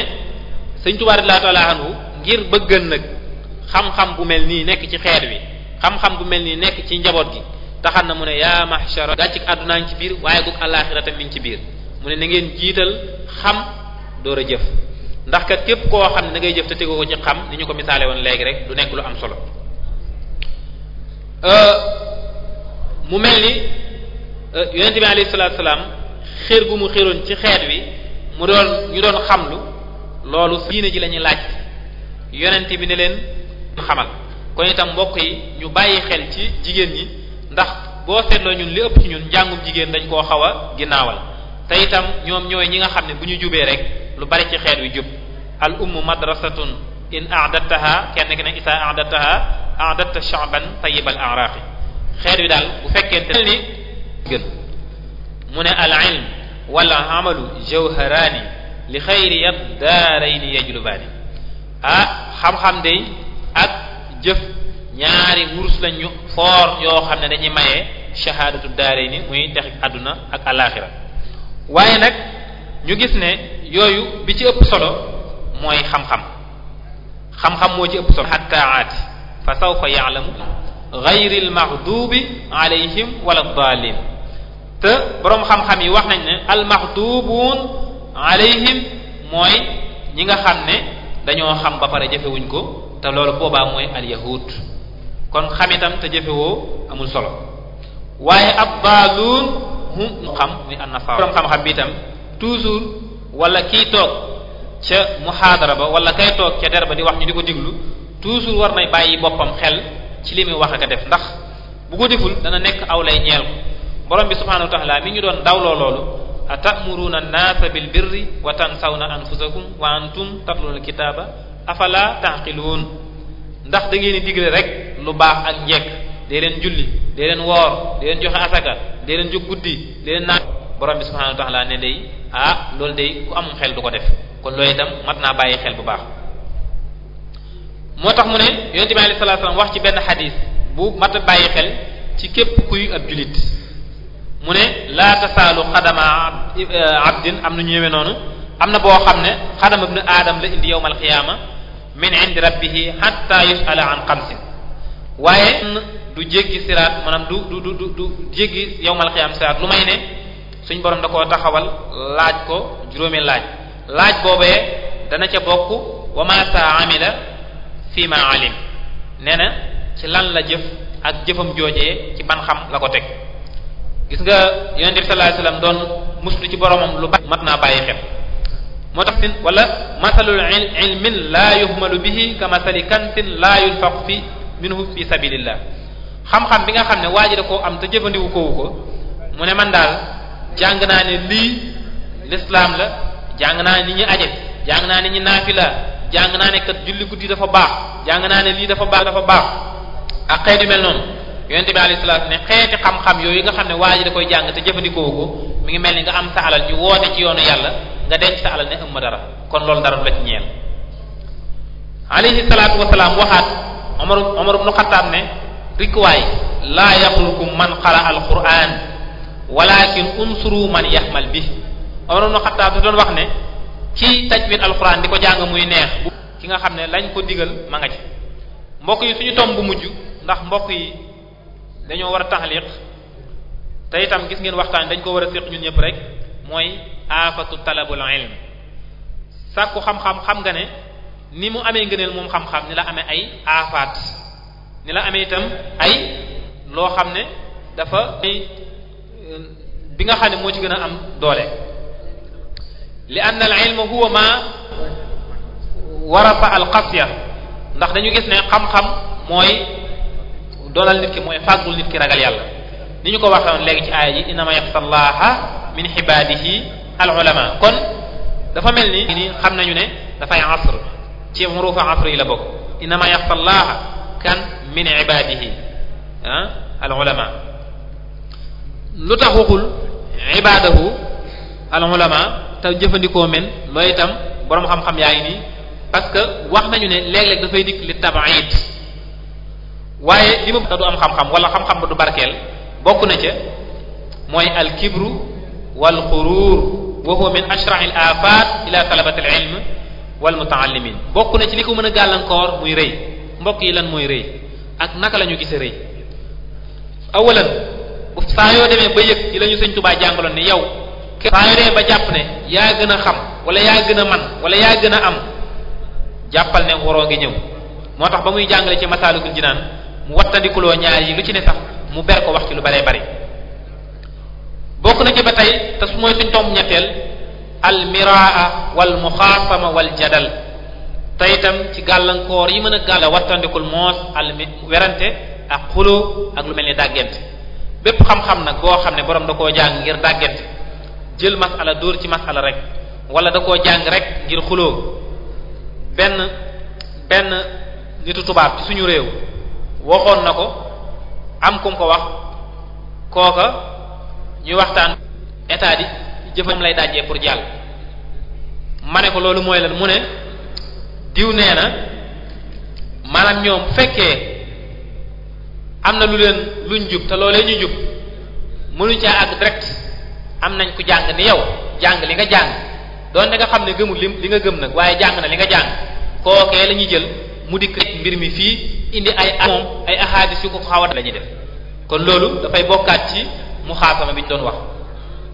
sëñ Tuubaa radiyallaahu taala ngir bëggal nag xam-xam bu mel nii nekk ci xeet wi xam-xam bu mel nii nekk ci njaboot gi taxan na mu ne yaa mahshara gàccik àddunaa ci biir waaye gug àllaaxira tam ci biir mu ne na ngeen jiital xam door a jëf ndax kat képp koo xam ne da ngay jëf te tegoo ko ci xam ni ñu ko misaale woon léegi rek du nekk lu am solo euh, mu mel ni euh, yonente bi alayhi salaatu salaam mu xéeroon ci xeet wi mu doon ñu doon xam lu loolu diine ji lañuy laaj yonent bi ne leen xamal kon itam mbokk yi ñu bàyyi xel ci jigéen ñi ndax boo seetloo ñun li ëpp ci ñun njàngum jigéen dañ koo xaw a ginnaawal te itam ñoom ñooy ñi nga xam ne bu ñu jubee rek lu bari ci xeet wi jub al ummu madrasatun in a'dadtaha kenn ki ne isa a'dadtaha a'dadta sha'ban tayyibal a'raqi xeet wi daal bu fekkente ni gën mu ne al ilm wal amalu jawharani li xayri yad daarayni yajlubaani ah xam-xam de ak jëf ñaari wurus lañ ñu yoo xam ne dañuy maye shahaadatu daarayni muy tex àdduna ak alaaxira waaye nag ñu gis ne yooyu bi ci ëpp solo mooy xam-xam xam-xam moo ci ëpp solo hattaat fa sawfa ya'lamu ghayril maghdubi alayhim wala te boroom xam-xam yi wax nañ ne almaxdubuun alayhim mooy ñi nga xam ne dañoo xam ba pare jëfewuñ ko te loolu boobaa mooy alyahud kon xam itam te jëfewoo amul solo waaye ab baaluun mu xam muy annasaara boroom xam-xam bi itam toujours wala kiy toog ca muhaadara ba wala kay toog ca der ba di wax ñu di ko diglu toujours war nay bàyyi boppam xel ci li muy wax ak def ndax bu ko deful dana nekk aw lay ñeel ko borom bi subhanahu wa taala mi ñu doon dawloo loolu ata atamuruna an-naasa bil saw na tansawna anfusakum wa antum tatlul kitaaba afala taqiluun ndax da ngeen digle rek lu baax ak njekk dee leen julli dee leen woor dee leen joxe asaka dee leen jóg guddi dee leen naan borom bi subhanahu wa ne day ah loolu day ku amum xel du ko def kon loolu itam mat naa bàyyi xel bu baax moo tax mu ne yonent bi alayhi wax ci benn xadiis bu mat a bàyyi xel ci képp ku ab jullit mu ne laa tasaalu xadama abdin am na ñu ñëwee noonu am na boo xam ne xadama ibnu aadam la indi yowmal qiyaama min indi rabbihi hatta yusala an xamsin waaye du jéggi siraat maanaam du du du du du jéggi siraat lu may ne suñ borom da koo taxawal laaj ko juróomi laaj laaj boobee dana ca bokk wa ma sa amila fi ma alim nee na ci lan la jëf ak jëfam joojee ci ban xam la ko teg gis nga yonent bi sallallahu alayhi wasallam doon muslu ci boromam lu mat naa bàyyi xel moo tax sin wala masalul ilmin la yuhmalu bihi ka masali kantin la yunfaqu fi minhu fi sabilillah xam-xam bi nga xam ne waa da koo am te jëfandiwu kowu ko mu ne man daal jàng naa ne lii lislaam la jàng naa ni ñu aje jàng naa ne ñu naafila jàng naa ne kat julli guddi dafa baax jàng naa ne lii dafa baax dafa baax ak xëy du mel noonu yonente bi alayhi salaatu ne xeeti xam-xam yooyu nga xam ne waa ji da koy jàng te jëfandikoo ko mi ngi mel ni nga am sa alal ji woote ci yoonu yàlla nga denc sa alal ne ëmma dara kon loolu dara du la ci ñeel alayhi salaatu wasalaam waxaat Omar Omar ibnu Xattaab ne rikwaay laa yaxlukum man xara al quran unsuru man yaxmal bi Omar ibnu Xattaab da doon wax ne ci tajwid al quran di ko jàng muy neex ki nga xam ne lañ ko digal ma nga ci mbokk yi suñu tomb bu mujj ndax mbokk yi dañoo war a taxliq te itam gis ngeen waxtaan dañ ko war a séq ñun ñëpp rek mooy aafatu talabul ilm sàkku xam-xam xam nga ne ni mu amee ngëneel moom xam-xam ni la amee ay aafaat ni la amee itam ay loo xam ne dafa bi nga xam ne moo ci gën a am doole li anna al ilm huwa ma warasa al qasya ndax dañu gis ne xam-xam mooy doolal nit ki mooy fàggul nit ki ragal yàlla ni ñu ko waxoon léegi ci aaya ji innama yaxsallaaha min xibaadihi al ulama kon dafa mel ni ni xam nañu ne dafay asr ci muruufa asr yi la bokk innama yaxsallaaha kan min ibaadihi ah al lu tax waxul ibaadahu al te jëfandikoo men loolu itam boroom xam-xam yaa ngi nii parce que wax nañu ne léeg-léeg dafay dikk li tabaid waaye li ma bëgg du am xam-xam wala xam-xam ba du barkeel bokk na ca mooy al kibru wal xuruur wa huwa min ashra'il afaat ila talabati al ilm wal mutaallimin bokk na ci li ko mën a gàllankoor muy rey mbokk yi lan mooy rëy ak naka la ñu gise rëy awalan bu yoo demee ba yëg la ñu sëñ Tuubaa jàngaloon ne yow saa yoo demee ba jàpp ne yaa gën a xam wala yaa gën a man wala yaa gën a am jàppal ne waroo ngi ñëw moo tax ba muy jàngale ci masaalikul jinaan mu wattandikuloo ñaar yi lu ci ne sax mu ber ko wax ci lu baree bari bokk na ci ba tey te mooy suñ tomb ñetteel al miraa wal muxaasama wal jadal te itam ci gàllankoor yi mën a gàlla wattandikul moos al werante ak xuloo ak lu mel ni dàggante bépp xam-xam nag boo xam ne borom da koo jàng ngir dàggante jël masala dóor ci ala rek wala da koo jàng rek ngir xuloo benn benn nitu tubaab ci suñu réew waxoon na ko am kum ko wax kooka ñuy waxtaan état di jëfam lay dajee pour jàll ma ne ko loolu mooy leen mu ne diw nee na maanaam ñoom fekkee am na lu leen luñ jub te loolee ñu jub mënuñ caa àgg direct am nañ ku jàng ni yow jàng li nga jàng doon nga xam ne gëmul li li nga gëm nag waaye jàng na li nga jàng kookee la ñuy jël mu dikk mbir mi fii indi ay moom ay ahadis yu ko xaw a la def kon loolu dafay bokkaat ci muxaasama bi ñu doon wax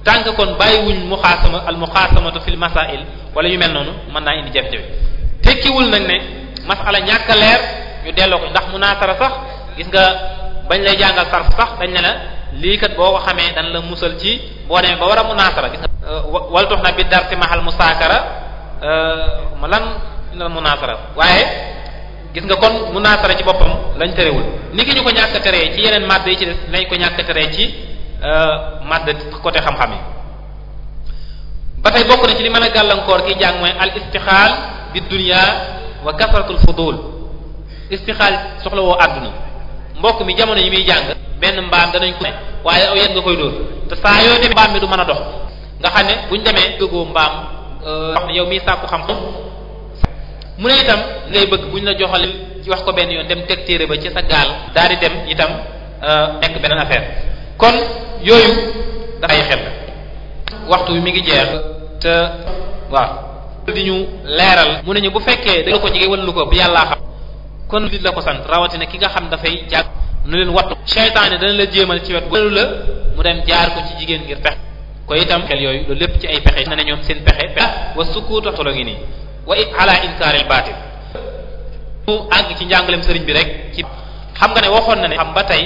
tànk kon bàyyiwuñ muxaasama al muxaasamatu fil masail wala yu mel noonu mën naa indi jafe-jafe tekkiwul nañ ne masala ñàkk a ñu delloo ko ndax munaasara sax gis nga bañ lay jàngal sarf sax dañ ne la liikat boo ko xamee dañ la musal ci boo demee ba war a munaasara gis nga euh, wal tox na bi darti mahal musaakara euh, ma lan lan munaasara waaye gis nga kon munaasara ci boppam lañ terewul ni ki ñu ko ñàkk teree ci yeneen madd yi ci des lañ ko ñàkk a teree ci euh, madd côté xam-xam yi ba tey bokk na ci li mën a gàllankoor ki jàng mooy al istixaal bi dunya wa kasratul fudul istixaal soxlawoo àdduna mbokk mi jamono yi muy jàng benn mbaam danañ ko waaye aw nga koy dóor te saa yoo demee mbaam mi du mën a dox nga xam ne buñ demee dëggoo mbaam euh, yow miy sàkku xam-xam mu ne itam ngay bëgg bu ñu la joxal ci wax ko benn yoon dem teg téere ba ci sa gaal daal di dem itam euh, nekk beneen affaire kon yooyu dafay xel waxtu bi mi ngi jeex te waaw di ñu leeral mu ne ñu bu fekkee danga ko jege wala lu ko bu yàllaa xam kon li la ko sant rawatina ki nga xam dafay jàgg nu leen wattu seytaane dana la jéemal ci wet bu lu la mu dem jaar ko ci jigéen ngir pex koy itam xel yooyu loolu lépp ci ay pexe na ne ñoom seen pexe pexe wa sukkuutu tolo ngi waa wa ala inkaaril baatil mu àgg ci njàngaleem sëriñ bi rek ci xam nga ne waxoon na ne xam ba tey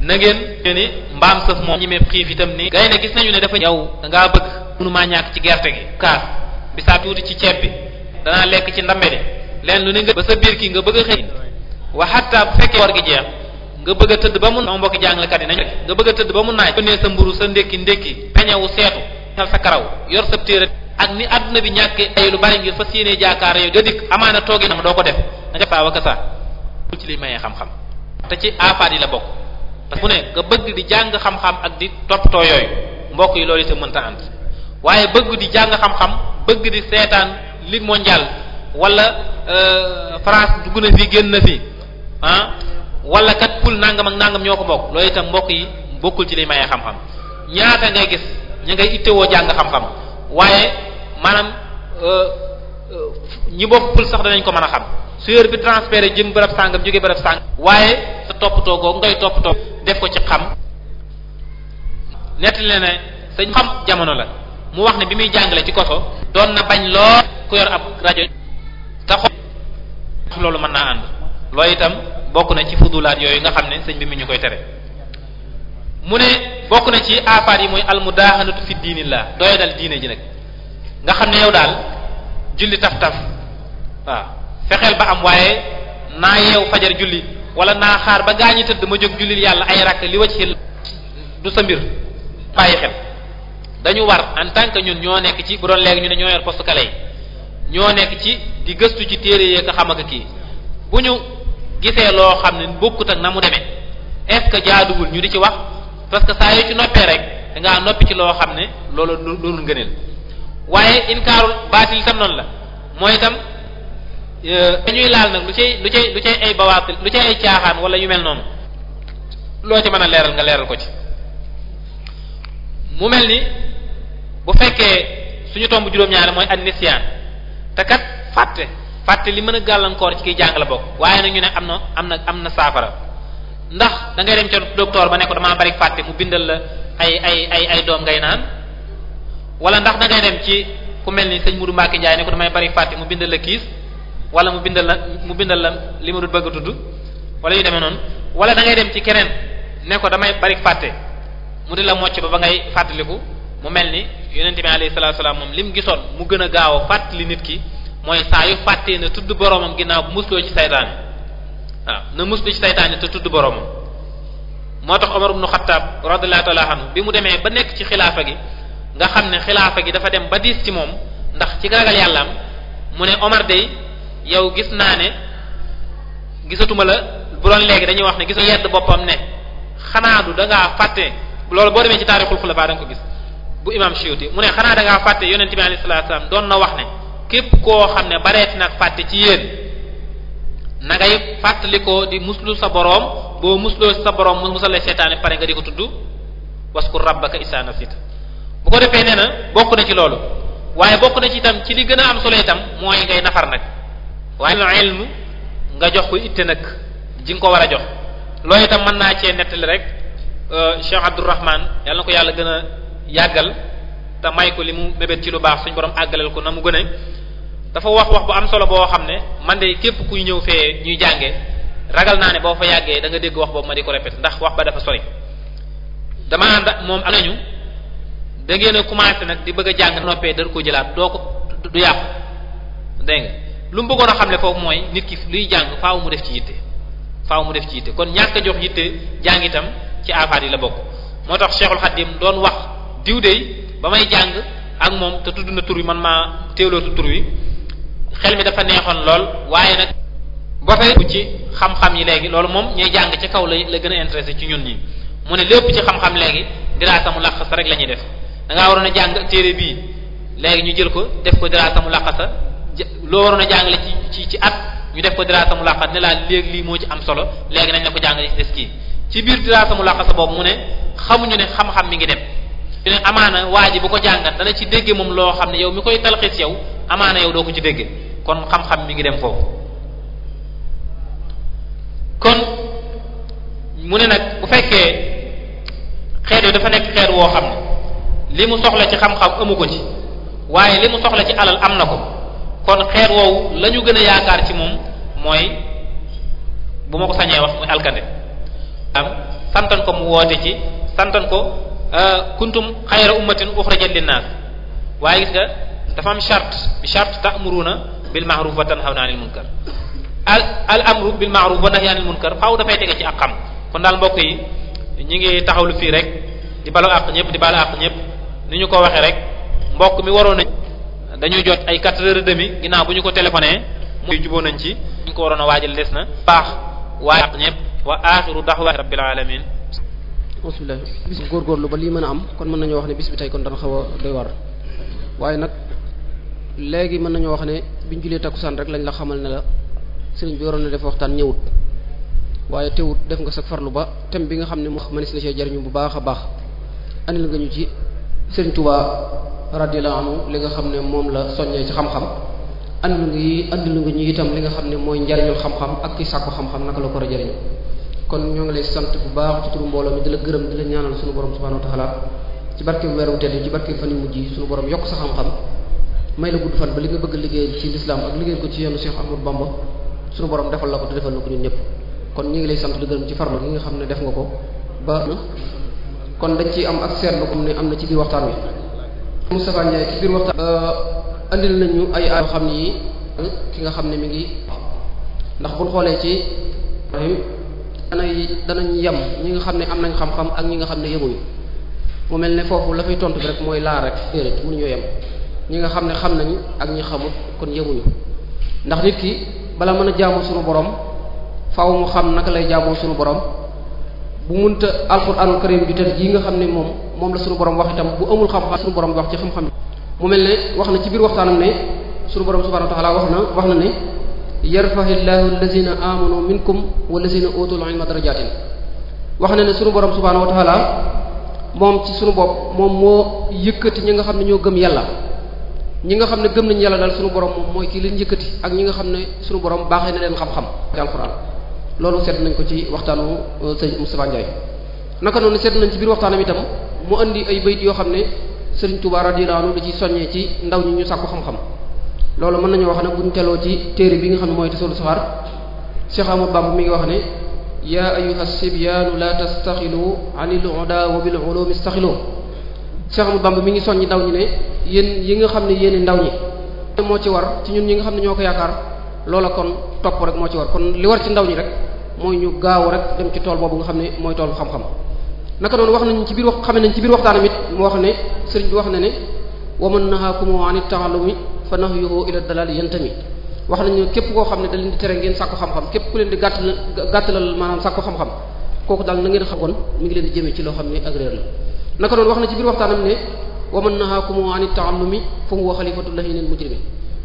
na ngeen ni mbaam sëf moom ñi mee xiif itam ni gay ne gis nañu ne dafa yow da bëgg mënumaa ñàkk ci gerte gi kaas bi saa tuuti ci ceeb bi danaa lekk ci ndambe li leen lu ne nga ba sa nga bëgg a xëy wa xatta bu nga bëgg a tëdd ba mu naa mbokki jàngalekat yi nañu nga bëgg tëdd ba mu naaj yónnee sa mburu sa ndékki ndékki peñewu seetu tal sa karaw yor sa téere ak ni àdduna bi ñàkkee lu bari ngir fas yéenee jaakaar yooyu nga dikk amaana toogee na doo ko def nga def faawa kasa ci li mayee xam-xam te ci aafaat la bokk parce ne bëgg di jàng xam ak di toppatoo yooyu mbokk yi loolu itam mënta ànd waaye di jàng xam-xam bëgg di seetaan ligue mondiale wala euh, France dugg na fi génn na fi ah wala kat poul nangam ak nangam ñoo ko bokk loolu itam mbokk yi bokkul ci li mayee xam-xam ñaata ngay gis ña ngay ittewoo jàng xam-xam. waaye maanaam euh, euh, ñi bokkul sax danañ ko mën a xam su heure bi transféré jëm barab sàngam jógee barab sàng waaye sa toppatoo googu ngay toppatoo def ko ci xam nettali na ne sañ xam jamono la mu wax ne bi muy jàngale ci koso doon na bañ lool ku yor ab rajo te xool loolu mën naa ànd loolu itam bokk na ci fudulaat yooyu nga xam ne sëñ bi mu ñu koy tere mu ne bokk na ci aafaat yi mooy almudaahanatu fi diinillah doy dal diine ji nag nga xam ne yow daal julli taf taf waaw fexeel ba am waaye naa yeew fajar julli wala naa xaar ba gaañi tëdd ma jóg jullil yàlla ay rakk li wacc du sa mbir bàyyi xel dañu war en tant que ñun ñoo nekk ci bu doon léegi ñu ne ñoo yor poste kale yi ñoo nekk ci di gëstu ci téere yeeg a xam ak kii bu ñu gisee loo xam ne bokkut ak na mu demee est-ce ñu di ci wax parce que saa yoo ci noppee rek da ngaa noppi ci loo xam ne loolu doonul ngëneel waaye inkaarul baatil itam noonu la mooy itam euh, dañuy laal nag lu cay lu cay lu cay ay bawaatil lu cay ay caaxaan wala yu mel noonu loo ci mën a leeral nga leeral ko ci mu mel ni bu fekkee suñu tomb juróom-ñaari mooy an nisyaan te kat fàtte fàtte li mën a gàllankoor ci kiy jàng la bokk waaye nag ñu ne am na am na am na saafara ndax da ngay dem ca docteur ba ne ko damaa bari fàtte mu bindal la ay ay ay ay doom ngay naan wala ndax da dem ci ku mel ni sëñ Mourou Mbacke Ndiaye ne ko damay bari fàtte mu bindal la kiis wala mu bindal la mu bindal la li bëgg a tudd wala yu demee noonu wala da dem ci keneen ne ko damay bari fàtte mu di la mocc ba ba ngay fàttaliku mu mel ni yonente bi alayhi salaatu salaam moom lim gisoon mu gën a gaaw a fàttali nit ki mooy saa yu fàttee ne tudd boromam ginnaaw bu musloo ci saytaan waaw na li ci saytaane te tudd boromam moo tax Omar ibnu Xattaab radiyallahu ta'ala anhu bi mu demee ba nekk ci xilaafa gi nga xam ne xilaafa gi dafa dem ba diis ci moom ndax ci ragal yàllaam mu ne Omar day yow gis naa ne gisatuma la bu doon léegi dañuy wax ne gis yedd boppam ne xanaa du dangaa fàtte loolu boo demee ci taarixul xulafaa da nga ko gis bu imam Suyuti mu ne xanaa dangaa fàtte yonent bi alayhi salaatu salaam doon na wax ne képp koo xam ne bareeti nag fàtte ci yéen na ngay fàttalikoo di muslu sa boroom boo musloo sa boroom mu musalee seytaane pare nga di ko tudd waskur rabbaka isaa nasita bu ko defee nee na bokk na ci loolu waaye bokk na ci itam ci li gën a am solo itam mooy ngay nafar nag waaye ilmu nga jox ko itte nag ji nga ko war a jox loolu itam mën naa cee nettali rek euh, Cheikh raxmaan yàlla na ko yàlla gën a yàggal te may ko li mu mébét ci lu baax suñ borom àggaleel ko na mu gën a dafa wax wax bu am solo boo xam ne man de képp kuy ñëw fee ñuy jànge ragal naa ne boo fa yàggee da nga dégg wax boobu ma di ko répété ndax wax ba dafa sori dama ànd moom am nañu da ngeen a commencé nag di bëgg a jàng noppee dañ ko jëlaat doo ko du yàqu dégg lu mu bëggoon a xam ne foofu mooy nit ki luy jàng faaw mu def ci yitte faaw mu def ci yitte kon ñàkk a jox yitte jàng itam ci aafaat yi la bokk moo tax Cheikhul Khadim doon wax diw de ba may jàng ak moom te tudd na tur man maa teelootu tur xel mi dafa neexoon lool waaye nag ba tey ci xam-xam yi léegi loolu moom ñuy jàng ci kaw la la gën a intéressé ci ñun ñi mu ne lépp ci xam-xam léegi diraasa mu laqasa rek la ñuy def da ngaa waroon a jàng téere bii léegi ñu jël ko def ko diraasa mu laqasa loo waroon a jàngale ci ci ci at ñu def ko diraasa mu laqas ne laa léegi lii moo ci am solo léegi nañ la ko jàngale ci des kii ci biir diraasa mu laqasa boobu mu ne xamuñu ne xam-xam mi ngi dem ñu ne amaana waa ji bu ko jàngat dana ci dégge moom loo xam ne yow mi koy talxis yow amaana yow doo ko ci dégge kon xam-xam mi ngi dem foofu kon mu ne nag bu fekkee xeet yooyu dafa nekk xeet woo xam ne li mu soxla ci xam-xam amu ko ci waaye li mu soxla ci alal am na ko kon xeer woowu la gën a yaakaar ci moom mooy bu ma ko sañee wax muy alkande am santan ko mu woote ci santan ko euh, kuntum xayra ummatin uxrajat linnaas waaye gis nga dafa am charte bi charte ta'muruna bil ma'ruf wa tanhawna 'anil munkar al al amru bil ma'ruf wa nahyi 'anil munkar faaw dafay tege ci ak xam kon daal mbokk yi ñi ngi taxawlu fii rek di balo àq ñëpp di balo àq ñëpp ni ñu ko waxee rek mbokk mi waroon nañ dañuy jot ay 4 heures et demi ginnaaw bu ñu ko téléphoné muy juboo nañ ci ñu ko waroon a waajal na baax waaye àq ñëpp wa axiru daxwa rabbil alamin bismillah bis bi góorgóorlu ba lii mën a am kon mën nañu wax ne bis bi tey kon dana xaw a doy war biñ julee takkusaan rek lañ la xamal ne la sëriñ bi waroon na def waxtaan ñëwut waaye teewut def nga sa farlu ba thème bi nga xam ne moo mënees na cee jariñu bu baax a baax andil nga ñu ci sëriñ Touba radiyallahu anhu li nga xam ne moom la soññee ci xam-xam andil nga yi andil nga ñu itam li nga xam ne mooy njariñul xam-xam ak ki sàkku xam-xam naka la ko war jariñu kon ñoo ngi lay sant bu baax ci turu mbooloo mi di la gërëm di la ñaanal suñu borom subhanahu wa ta'ala ci barke weeru tedd ci barke fan yu mujj yi suñu borom yokk sa xam-xam may la gudd fan ba li nga bëgg liggéey ci lislaam ak liggéey ko ci yoonu Cheikh Ahmadou Bamba suñu borom defal la ko te defal na ko ñun ñëpp kon ñu ngi lay sant di gërëm ci farlu gi nga xam ne def ko ba kon dañ ci am ak seetlu comme ne am na ci biir waxtaan wi Moustapha Ndiaye ci biir waxtaan euh, andil nañu ay ay yi euh, ki nga xam ne mi ngi ndax buñ xoolee ci danay danañ yem ñi nga xam ne am nañ xam-xam ak ñi nga xam ne yëguñu mu mel ne foofu la fay tontu bi rek mooy laa rek déedéet mënuñoo yem ñi nga xam ne xam nañu ak ñi xamul kon yemuñu ndax nit ki bala mën a jaamu suñu borom faw mu xam naka lay jaamoo suñu borom bu munta alxuraanul karim ju tëdd ji nga xam ne moom moom la sunu borom wax itam bu amul xam-xam suñu borom wax xam-xam mu mel ne wax na ci biir waxtaanam ne suñu borom subhanahu wa ta'ala wax na wax na ne yarfahillahu allazina amanu minkum wallazina utul ilma darajatin wax na ne suñu borom subhanahu wa moom ci suñu bopp moom moo yëkkati ñi nga xam ne ñoo gëm yàlla ñi nga xam ne gëm nañu yàlla daal suñu borom moom mooy kii leen yëkkati ak ñi nga xam ne suñu borom baaxee na leen xam-xam ci alxuraan loolu seet nañ ko ci waxtaanu euh, sëñ Moustapha Ndiaye naka noonu seet nañ ci biir waxtaanam itam mu andi ay bayit yoo xam ne sëriñ Touba radiyallahu anhu da ci soññee ci ndaw ñi ñu sàkku xam-xam loolu mën nañu wax ne buñ teloo ci téere bi nga xam ne mooy Tasawudu Safaar Cheikh Amadou Bamba mi ngi wax ne yaa ayyuha sibyaanu la tastaxilu anil uda wa bil ulumi istaxilu Cheikh Ahmadou Bamba mi ngi soññi ndaw ñi ne yéen yi nga xam ne yéen ndaw ñi moo ci war ci ñun ñi nga xam ne ñoo ko yaakaar loola kon topp rek moo ci war kon li war ci ndaw ñi rek mooy ñu gaaw rek dem ci tool boobu nga xam ne mooy tool xam-xam naka noonu wax nañ ci biir wax xame ci biir waxtaanam it moo xam ne sëriñ bi wax na ne wa man nahaakum an ta'allumi fa nahyuhu ila dalal yantami wax nañu képp koo xam ne da leen di tere ngeen sàkku xam-xam képp ku leen di gàttal gàttalal maanaam sàkku xam-xam kooku daal na ngeen woon mi ngi leen di jëmee ci loo xam ne ak réer la naka noonu wax na ci biir waxtaanam ne wa man nahaakum an taallumi fa huwa xalifatullahi lil mujrimin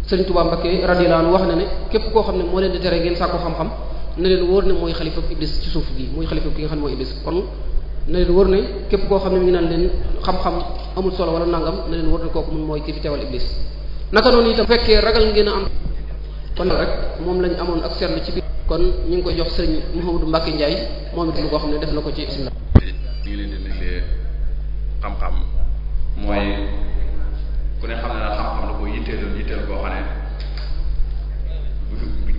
sëriñ Tuubaa Mbakke radiyallahu wax na ne képp koo xam ne moo leen di tere ngeen sàkku xam-xam na leen wóor ne mooy xalifa iblis suuf gi mooy xalifa ki nga xam ne mooy leen wóor ne képp koo xam ne mi ngi naan leen xam-xam amul solo wala nangam na leen wóor ne kooku mun mooy ki fi teewal iblis naka noonu itam fekkee ragal ngeen a am kon rek moom lañ amoon ak seetlu ci biir kon ñu ngi koy jox sëriñ Mouhamadou Mbakke Ndiaye moom it lu xam ne def na ko ci xam-xam mooy ku ne xam ne na xam-xam da ko yitteeloon yitteel boo xam ne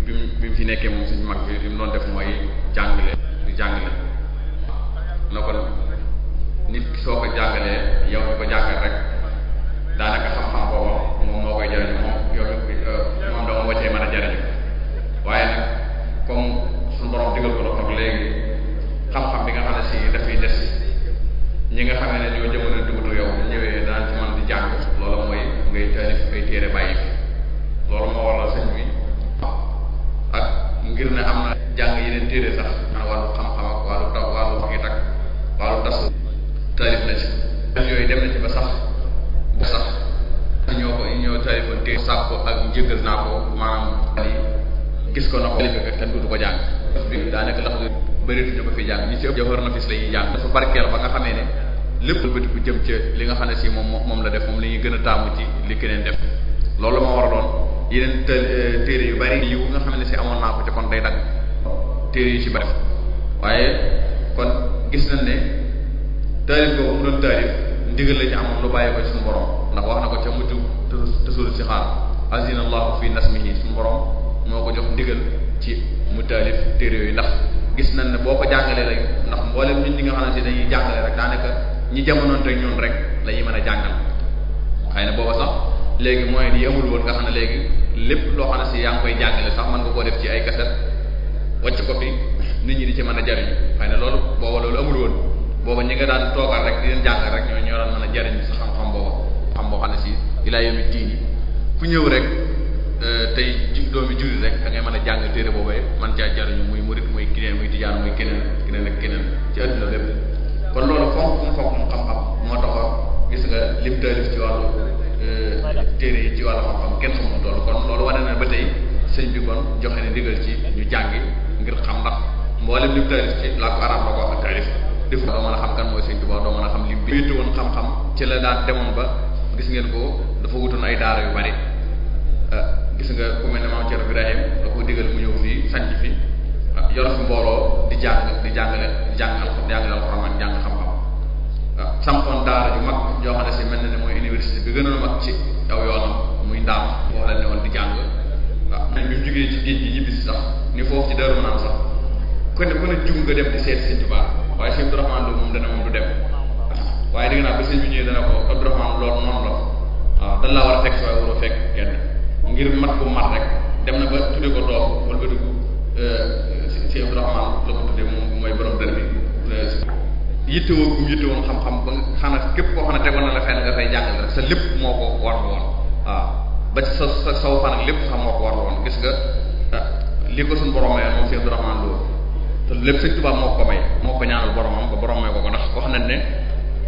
bi bi fi nekkee moom suñu mag bi li mu doon def mooy jàngale di jàngale na kon nit moom moo koy jariñ moom euh, dama wàccee mën a jariñ waaye comme suñu borom digal ko la léegi xam-xam bi nga xam ne si dafay des ñi nga xamee ne ñoo jamono dugg yow bu ñëwee daan ci man di jàng loolu mooy ngay taalif ay téere bàyyi loolu moo waral sëñ bi ak ngir ne am na jàng yeneen téere sax maanaam wàllu xam-xam ak wàllu tas taalif na ci yooyu dem na ci ba sax ba sax ñoo ko ñoo taalifoon téere sax ko ak njëgal naa ko maanaam gis ko na ko taalif ko kenn du ko jàng bi daanaka lax bari ñu ko fi jàng ñi ci ëpp jawhar nafis la ñuy jàng dafa barkeel ba nga xamee ne lépp bët bu jëm ca li nga xam ne si moom moom la def moom la ñuy gën a taamu ci li keneen def loolu moo waraloon yeneen e, téere yu bari yi nga xam ne si amoon naa ko ci kon day dagg téere yu ci bari waaye kon gis na ne taalif boobu mu doon taalif ndigal la amoon lu bàyyi ko suñu borom ndax wax na ko ca mujj tësul si xaar azina allahu fi nasmihi suñu borom moo ko jox ndigal ci mu taalif téere yooyu mboolem nit ñi nga xam ne si dañuy jàngale rek daanaka ñi jamonoon rek ñun rek la ñuy mën a jàngal xëy na booba sax léegi mooy yi amul woon nga xam ne léegi lépp loo xam ne yaa ngi koy jàngale sax mën nga koo def ci ay kaset wàcc ko fi nit ñi di ci mën a jariñu xëy na loolu booba amul woon booba ñi nga daan toogal rek di leen jàngal rek ñoo ñoo daan mën a jariñu sa xam-xam booba xam boo xam ne si ilaa yomi diini ku ñëw rek euh, tey doomi jullit rek da ngay mën a jàng téere boobee man caa jariñu muy murid muy client muy tijaan muy keneen keneen ak keneen ci àdduna lépp kon loolu fonk mu fonk mu xam-xam moo taxoon gis nga lim taalif ci wàllu euh, téere yi ci wàllu xam-xam kenn xamul loolu kon loolu wane na ba tey sëñ bi kon joxe ne ndigal ñu jàngi ngir xam ndax mboolem lim taalif ci làkku doo mën a xam a lim bi wéetu woon xam-xam ci la daan demoon ba gis ngeen ko dafa wutoon ay daara yu bari euh, gis nga ku mel ne maam Thierno Ibrahim da ko digal mu ñëw fii sanc fi waaw yor fi mbooloo di jàng di jàngale di jàngal jàngale alxuraan ak jàng xam-xam waaw sampoon daara ju mag yoo si mel na ne mooy université bi gën a mag ci aw yoonam muy sax ku ne ku ne jug nga dem di seet Sëñ Tuubaa waaye Sëñ Abdourahmane Lo moom dana moom du dem waaye dégg naa ba sëñ bi dana ko Abdourahmane loolu noonu la Cheikh Ibrahima la ko tuddee mooy borom dër bi yittewoo bu mu yittewoon xam-xam ba nga xam ne képp koo xam ne tegoon na la fenn nga fay jàngal lépp moo ko warlu ba ci sa sa lépp sax moo ko warlu woon nga ah, li ko lépp sëñ tubaab moo ko may moo ko ñaanal boromam ba wax nañ ne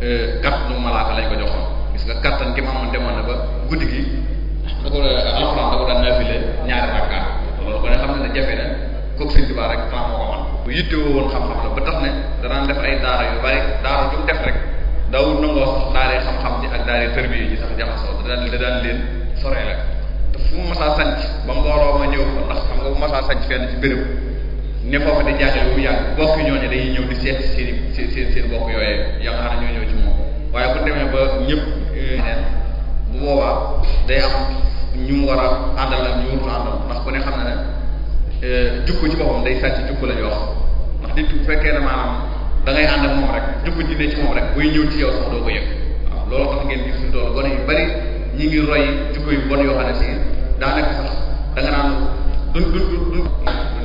eh, kàttanu malaaka lañ ko joxoon gis nga kàttan gi ma amoon demoon ba guddi gi da ko ah, alxuraan da ko daan naafile ñaari rakka loolu ko ne xam ne ne jafe na kooku sëñ Tuubaa rek temps moo ko man bu yittewoo woon xam-xam la ba tax ne danaan def ay daara yu bari daara ju def rek daawul nangoo sax daaree xam-xam ji ak daaree tërbiye ji sax jaxasoo da daan da daan leen soree rek te fu mu masaa sanc ba mbooloo ma ñëw ndax xam nga bu masaa sanc fenn ci béréb ne foofa di jàngale bu mu yàgg bokk ñooñu dañuy ñëw di seet seen seen seen seen bokk yooyee yàlla xam ne ñoo ñëw ci moom waaye bu demee ba ñëpp neen bu boobaa day am mu war a àndal Euh, jukko ci boppam day sàcc jukko la ñu wax ndax nit bu fekkee ne maanaam da ngay ànd ak moom rek jukko ji ne ci moom rek buy ñëw ci yow sax doo ko yëg waaw loolu tax ngi roy jukko yu yoo xam ne da nga naan duñ duñ duñ duñ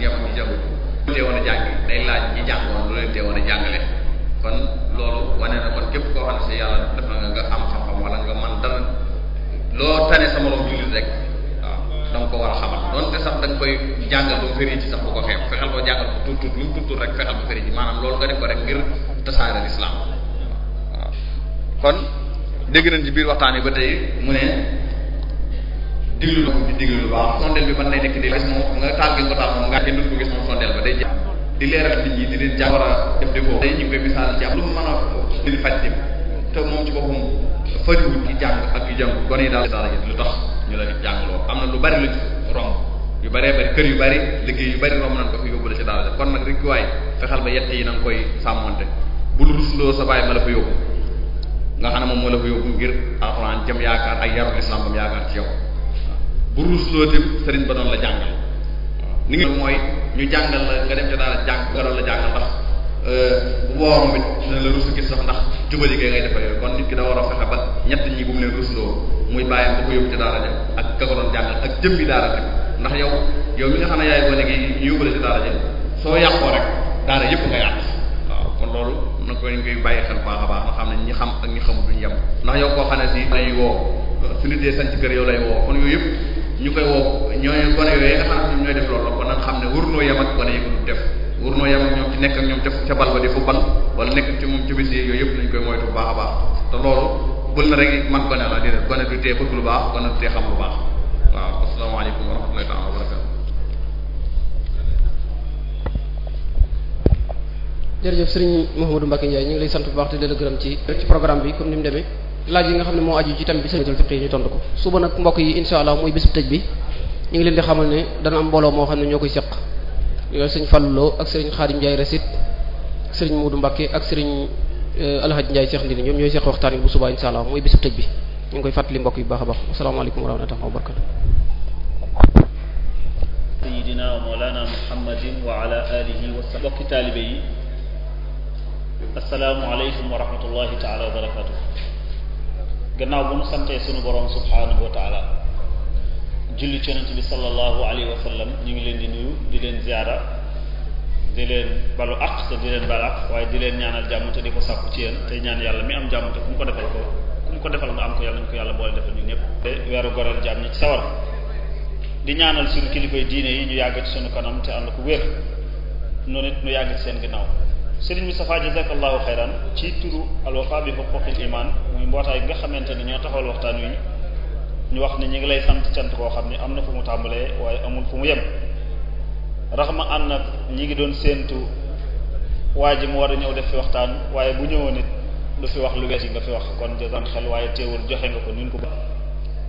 yem ci jàpp lu teewoon a jàng day laaj ñi jàngoon lu leen a jàngale kon loolu wane na nga am xam-xam wala nga man dara loo tane sa morom jullit rek da nga ko war a xamal donte sax da koy jàngal ba fëri ci sax bu ko xeeb fexeel ko jàngal ko tuut tuut lu mu tuut rek fexeel ba fëri ci maanaam loolu nga ko rek ngir tasaare lislaam waaw kon dégg nañ ci waxtaan yi ba tey mu ne diglu la di diglu lu baax sondeel bi mën nay nekk di gis nga taal ko taal moom nga kenn du ko gis moom sondeel ba day jë di leeral nit ñi di leen jàng war a def defoo day ñu ngi koy misaal ci am lu mu mën a dil faj te moom ci boppam fariwul jàng lu tax ñu la jàngloo am na lu bari la ci romb yu bare bari kër yu bari liggéey yu bari romb nañ ko fi yóbbu la ci daal kon nag rek waay fexeel ba yett yi na nga koy sàmmonte bul loo sa bàyyi ma la fa yóbbu nga xam ne moom moo la fa yóbbu ngir alxuraan jëm yaakaar ak yaru islam bam yaakaar ci yow bu loo rusloo tim sëriñ ba doon la jàngal ni nga mooy ñu jàngal la nga dem ca daal jàng nga doon la jàngal ndax Euh, bu boobaa moom it la rusu gis sax ndax jubali kay ngay defal nit ki da war a fexe ba ñett ñi bu mu leen rusloo muy bàyyam ba ko yóbbu ca daara ja ak ka ko doon ak jëm bi daara ja ndax yow yow mi nga xam ne yaay gone gi soo yàqoo rek daara yëpp nga kon loolu na koy ngay a baax nga xam ne ñi xam ak ñi xamul duñu yem ndax yow koo xam ne si lay woo su nit yow lay woo yëpp ñu koy woo ñooy gone yooyu nga xam ne ñooy def loolu kon nag xam ne wër noo yem ak gone yi ko def wur noo yam ak ñoom ci nekk ak ñoom ca ca bal ba fu bal wala nekk ci moom ci bis yooyu yëpp nañ koy moytu bu baax a baax te loolu bul na rek man gone la déedéet gone du tee bëgg lu baax gone du tee xam lu baax waaw asalaamaaleykum wa rahmatullahi taala wa barakatu jërëjëf sëriñ Mouhamadou Mbacke ñu ngi lay sant bu baax te di gërëm ci ci bi comme ni mu demee laaj yi nga xam ne moo aju ci thème bi sëriñ Jolof ñu tontu ko suba nag mbokk yi insha allah mooy bés bu tëj bi ñu ngi leen di xamal ne dana am mbooloo moo xam ne ñoo koy seq yooyu sëñ Fallou Lo ak sëriñ Xaadim Ndiaye Rasit ak sëriñ Muudu Mbakke ak sëriñ eh, Alhaji Ndiaye Cheikh Ndine ñoom ñooy seq waxtaan yi bu subaa insha allah mooy bisu tëj bi ñu ngi koy fàttali mbokk yi bu baax a baax asalaamaaleykum wa rahmatullahi wa barakatu sayidina wa mawlana wa ala alihi wa sahbihi wa rahmatullahi taala wa barakatu gannaaw bu nu santee julli ci yonent bi sallallahu alayhi wa sallam ñu ngi leen di nuyu di leen ziara di leen balu ak sa di leen balu àq waaye di leen ñaanal jàmm te di ko sàkku ci yéen te ñaan yàlla mi am jàmm te ku mu ko defal ko ku mu ko defal nga am ko yàlla ñu ko yàlla boole defal ñu ñëpp te weeru goreel jàmm ñi ci di ñaanal su kilifay diine yi ñu yàgg ci suñu kanam te ànd ko wér noonu it ñu yàgg ci seen ginnaaw Serigne Moustapha jazakallahu xayran ci turu Al Wafa bi huquqil iman muy mbootaay bi nga xamante ni ñoo taxawal waxtaan wi ñu wax ne ñu ngi lay sant cant koo xam ne am na fu mu tàmbalee waaye amul fu mu yem raxma ànd nag ñi ngi doon séentu waa ji mu war a ñëw def fi waxtaan waaye bu ñëwoon it lu fi wax lu wees yi nga fi wax kon jësan xel waaye teewul joxe nga ko nin ko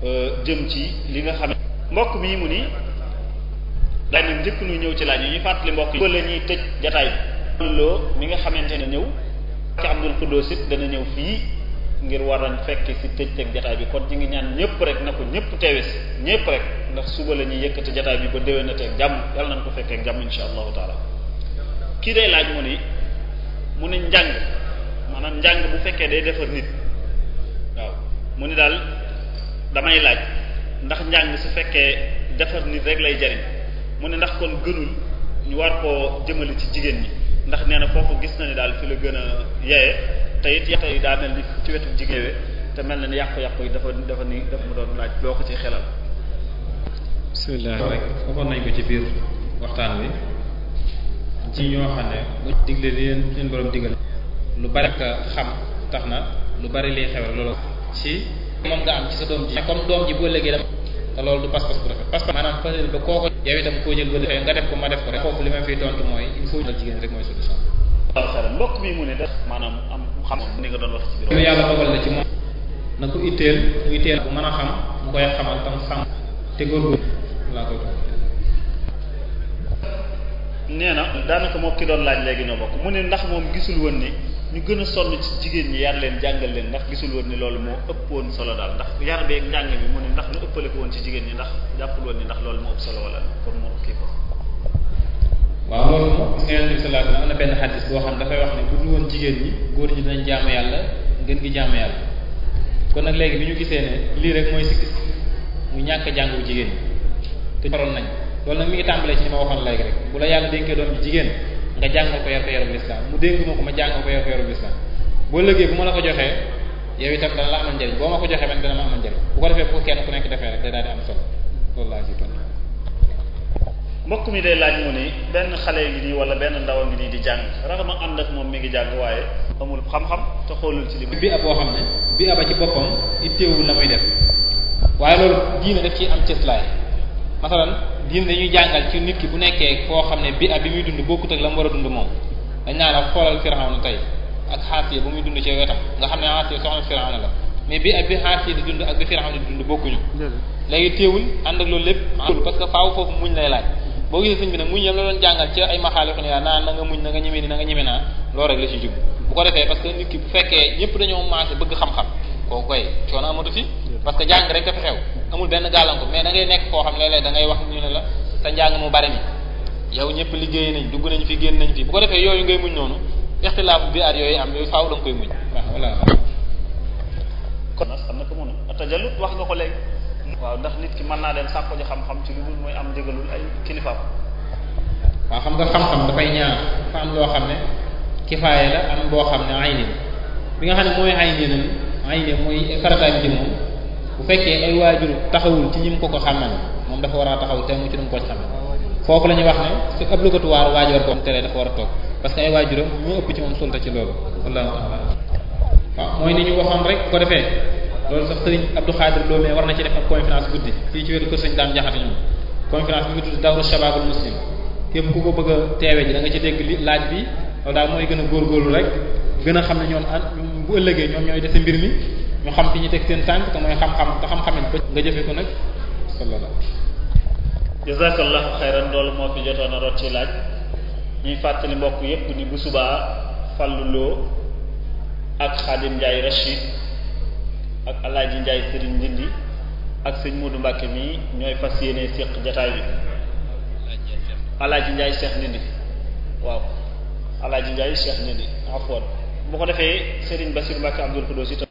euh, jëm ci li nga xam mbokk mii mu ni dañu njëkk nu ñëw ci laaj yi ñu fàttali mbokk yi la ñuy tëj jataay bi mi nga xamante ne ñëw ci Abdul Quddus it dana ñëw fii ngir war a fekke fi tëj ak jataay bi kon ñu ngi ñaan ñëpp rek na ko ñëpp teewe si ñëpp rek ndax suba la ñuy yëkkati jataay bi ba déwénateeg jàmm yàlla nañ ko fekkee jàmm insha allahu taala kii day laaj mu ni mu ne njàng maanaam njàng bu fekkee day defar nit waaw mu daal damay laaj ndax njàng su fekkee defar nit rek lay jariñ mu ne ndax kon gënul ñu war koo jëmale ci jigéen ñi ndax nee na foofu gis na ni daal fi la gën a yeye te it yàq yi daa mel ni ci wetu jigéen we te mel na ni yàqu-yàqu yi dafa dafa ni dafa mu doon laaj loo ko ci xelal bismillah rek waxoon nañ ko ci biir waxtaan wi ci ñoo xam ne bu digle li leen leen borom digal lu bari ka xam tax na lu bari liy xew loolu ci moom nga am ci sa doom ji comme doom ji boo léegi dama te loolu du pas-pas bu rafet parce que maanaam peut être ba kooku yow itam koo jël ba nga def ko ma def ko rek foofu li ma fiy il faut jigéen rek mooy solution mbokk mi maanaam am xam-xam ni nga doon wax ci biir. yàlla dogal na ci moom na ko itteel mu itteel bu mën a xam mu koy xamal tam sàmm te góorgóorlu laa nee na daanaka moo ki doon laaj léegi ñoo bokk mu ne ndax moom gisul woon ni ñu gën a sonn ci jigéen ñi yar leen jàngal leen ndax gisul woon ni loolu moo ëpp woon solo daal ndax yar beeg jàng bi mu ne ndax ñu ëppale woon ci jigéen ñi ndax jàppul woon ni ndax loolu moo ëpp solo wala pour mu kii ko. waaw loolu moom gis nga am na benn xadis boo xam ne dafay wax ne bu dul woon jigéen ñi góor ñi dinañ jaamu yàlla ngeen gi jaamu yàlla kon nag léegi bi ñu gisee ne lii rek mooy sikki mu ñàkk a jàngu jigéen ñi te faroon nañ loolu nag mi ngi tàmbalee ci li ma waxoon léegi bu la yàlla dénkee doom jigéen nga jàngal ko yar ko yarub mu dénk ma ko ma jàngal ko yar ko yarub lislaam boo lëggee bu ma la ko joxee yow itam dana la amal njëriñ boo ma ko joxee man dana ma amal njëriñ bu ko defee bu ko kenn ku nekk defee rek day daal di am solo loolu laa ci mbokk mi de laaj mu ni benn xale ngi nii wala benn ndaw ngi nii di jàng raxama ànd ak moom mi ngi jàng waaye amul xam te xoolul ci li bi ab boo xam bi aba ci boppam itteewul la muy def waaye loolu diine daf ci am cëslaay masalan diine dañuy jàngal ci nit ki bu nekkee foo xam ne bii ab bi muy dund bokkut ak la mu war a dund moom dañ naa la xoolal Firawna tey ak xaasiya bu muy dund ci wetam nga xam ne xaasiya soxna Firawna la mais bi ak bi xaasiya di dund ak bi Firawna di dund bokkuñu léegi téewul ànd ak loolu lépp parce que faaw foofu muñ lay laaj boo gisee sëñ bi nag muñ yam la doon jàngal ci ay maxaali xu yaa naan na nga muñ na nga ñemee ni na nga ñemee naa loolu rek la ci jub bu ko defee parce que nit ki bu fekkee ñëpp dañoo maase bëgg xam-xam kooku koy coono amatu fi parce que jàng rek dafa xew amul benn gàllanko mais da nekk koo xam léeg-léeg da ngay wax ñu ne la sa njàng mu bari mi yow ñëpp liggéey nañ dugg nañ fi génn nañ fi bu ko defee yooyu ngay muñ noonu ixtilaaf bi at yooyu am yooyu faaw da nga koy muñ xam na ko mu ne tajallut wax nga ko léegi waaw ndax nit ki mën naa dem sàkku ji xam-xam ci lu dul mooy am ndigalul ay kilifaam. waaw xam nga xam-xam dafay ñaar dafa am loo xam ne kifaaya la am boo xam ne ay nii bi nga xam ne mooy ay nii nag ay nii mooy farataam ji moom bu fekkee ay waajur taxawul ci ñi mu ko ko xamal moom dafa war a taxaw te mu ko xamal foofu la ñuy wax ne su obligatoire waajur ko am tere dafa war a toog parce que ay waajuram ñoo ëpp ci moom sulta ci loolu wallahu ta'ala waaw mooy ni ñu waxoon rek ko defee. loolu sax sëriñ Abdou Khadir Lo mais war na ci def ak conférence guddi fii ci wetu kër sëñ Dame Diakhaté ñoom conférence bi ngi tudd dawru shababul muslim képp ku ko bëgg a teewee ji da nga ci dégg li laaj bi loolu daal mooy gën a góor góorgóorlu rek gën a xam ne ñoom an bu ëllëgee ñoom ñooy dese mbir mi ñu xam fi ñu teg seen tànk te mooy xam-xam te xam-xamin ba nga jëfe ko nag sallallahu jazakallahu xayran loolu moo fi jotoon a ci laaj ñuy fàttali mbokk yépp ni bu subaa Fallou Lo ak Khadim Ndiaye Rachid ak alaaji njaay sëriñ ndindi ak sëñ Modou Mbacke mii ñooy fas yéene séq jataay bi alaaji njaay Cheikh ndindi waaw alaaji njaay Cheikh ndindi afwan bu ko defee sëriñ Bassirou Mbacke Abdoul Khoudoss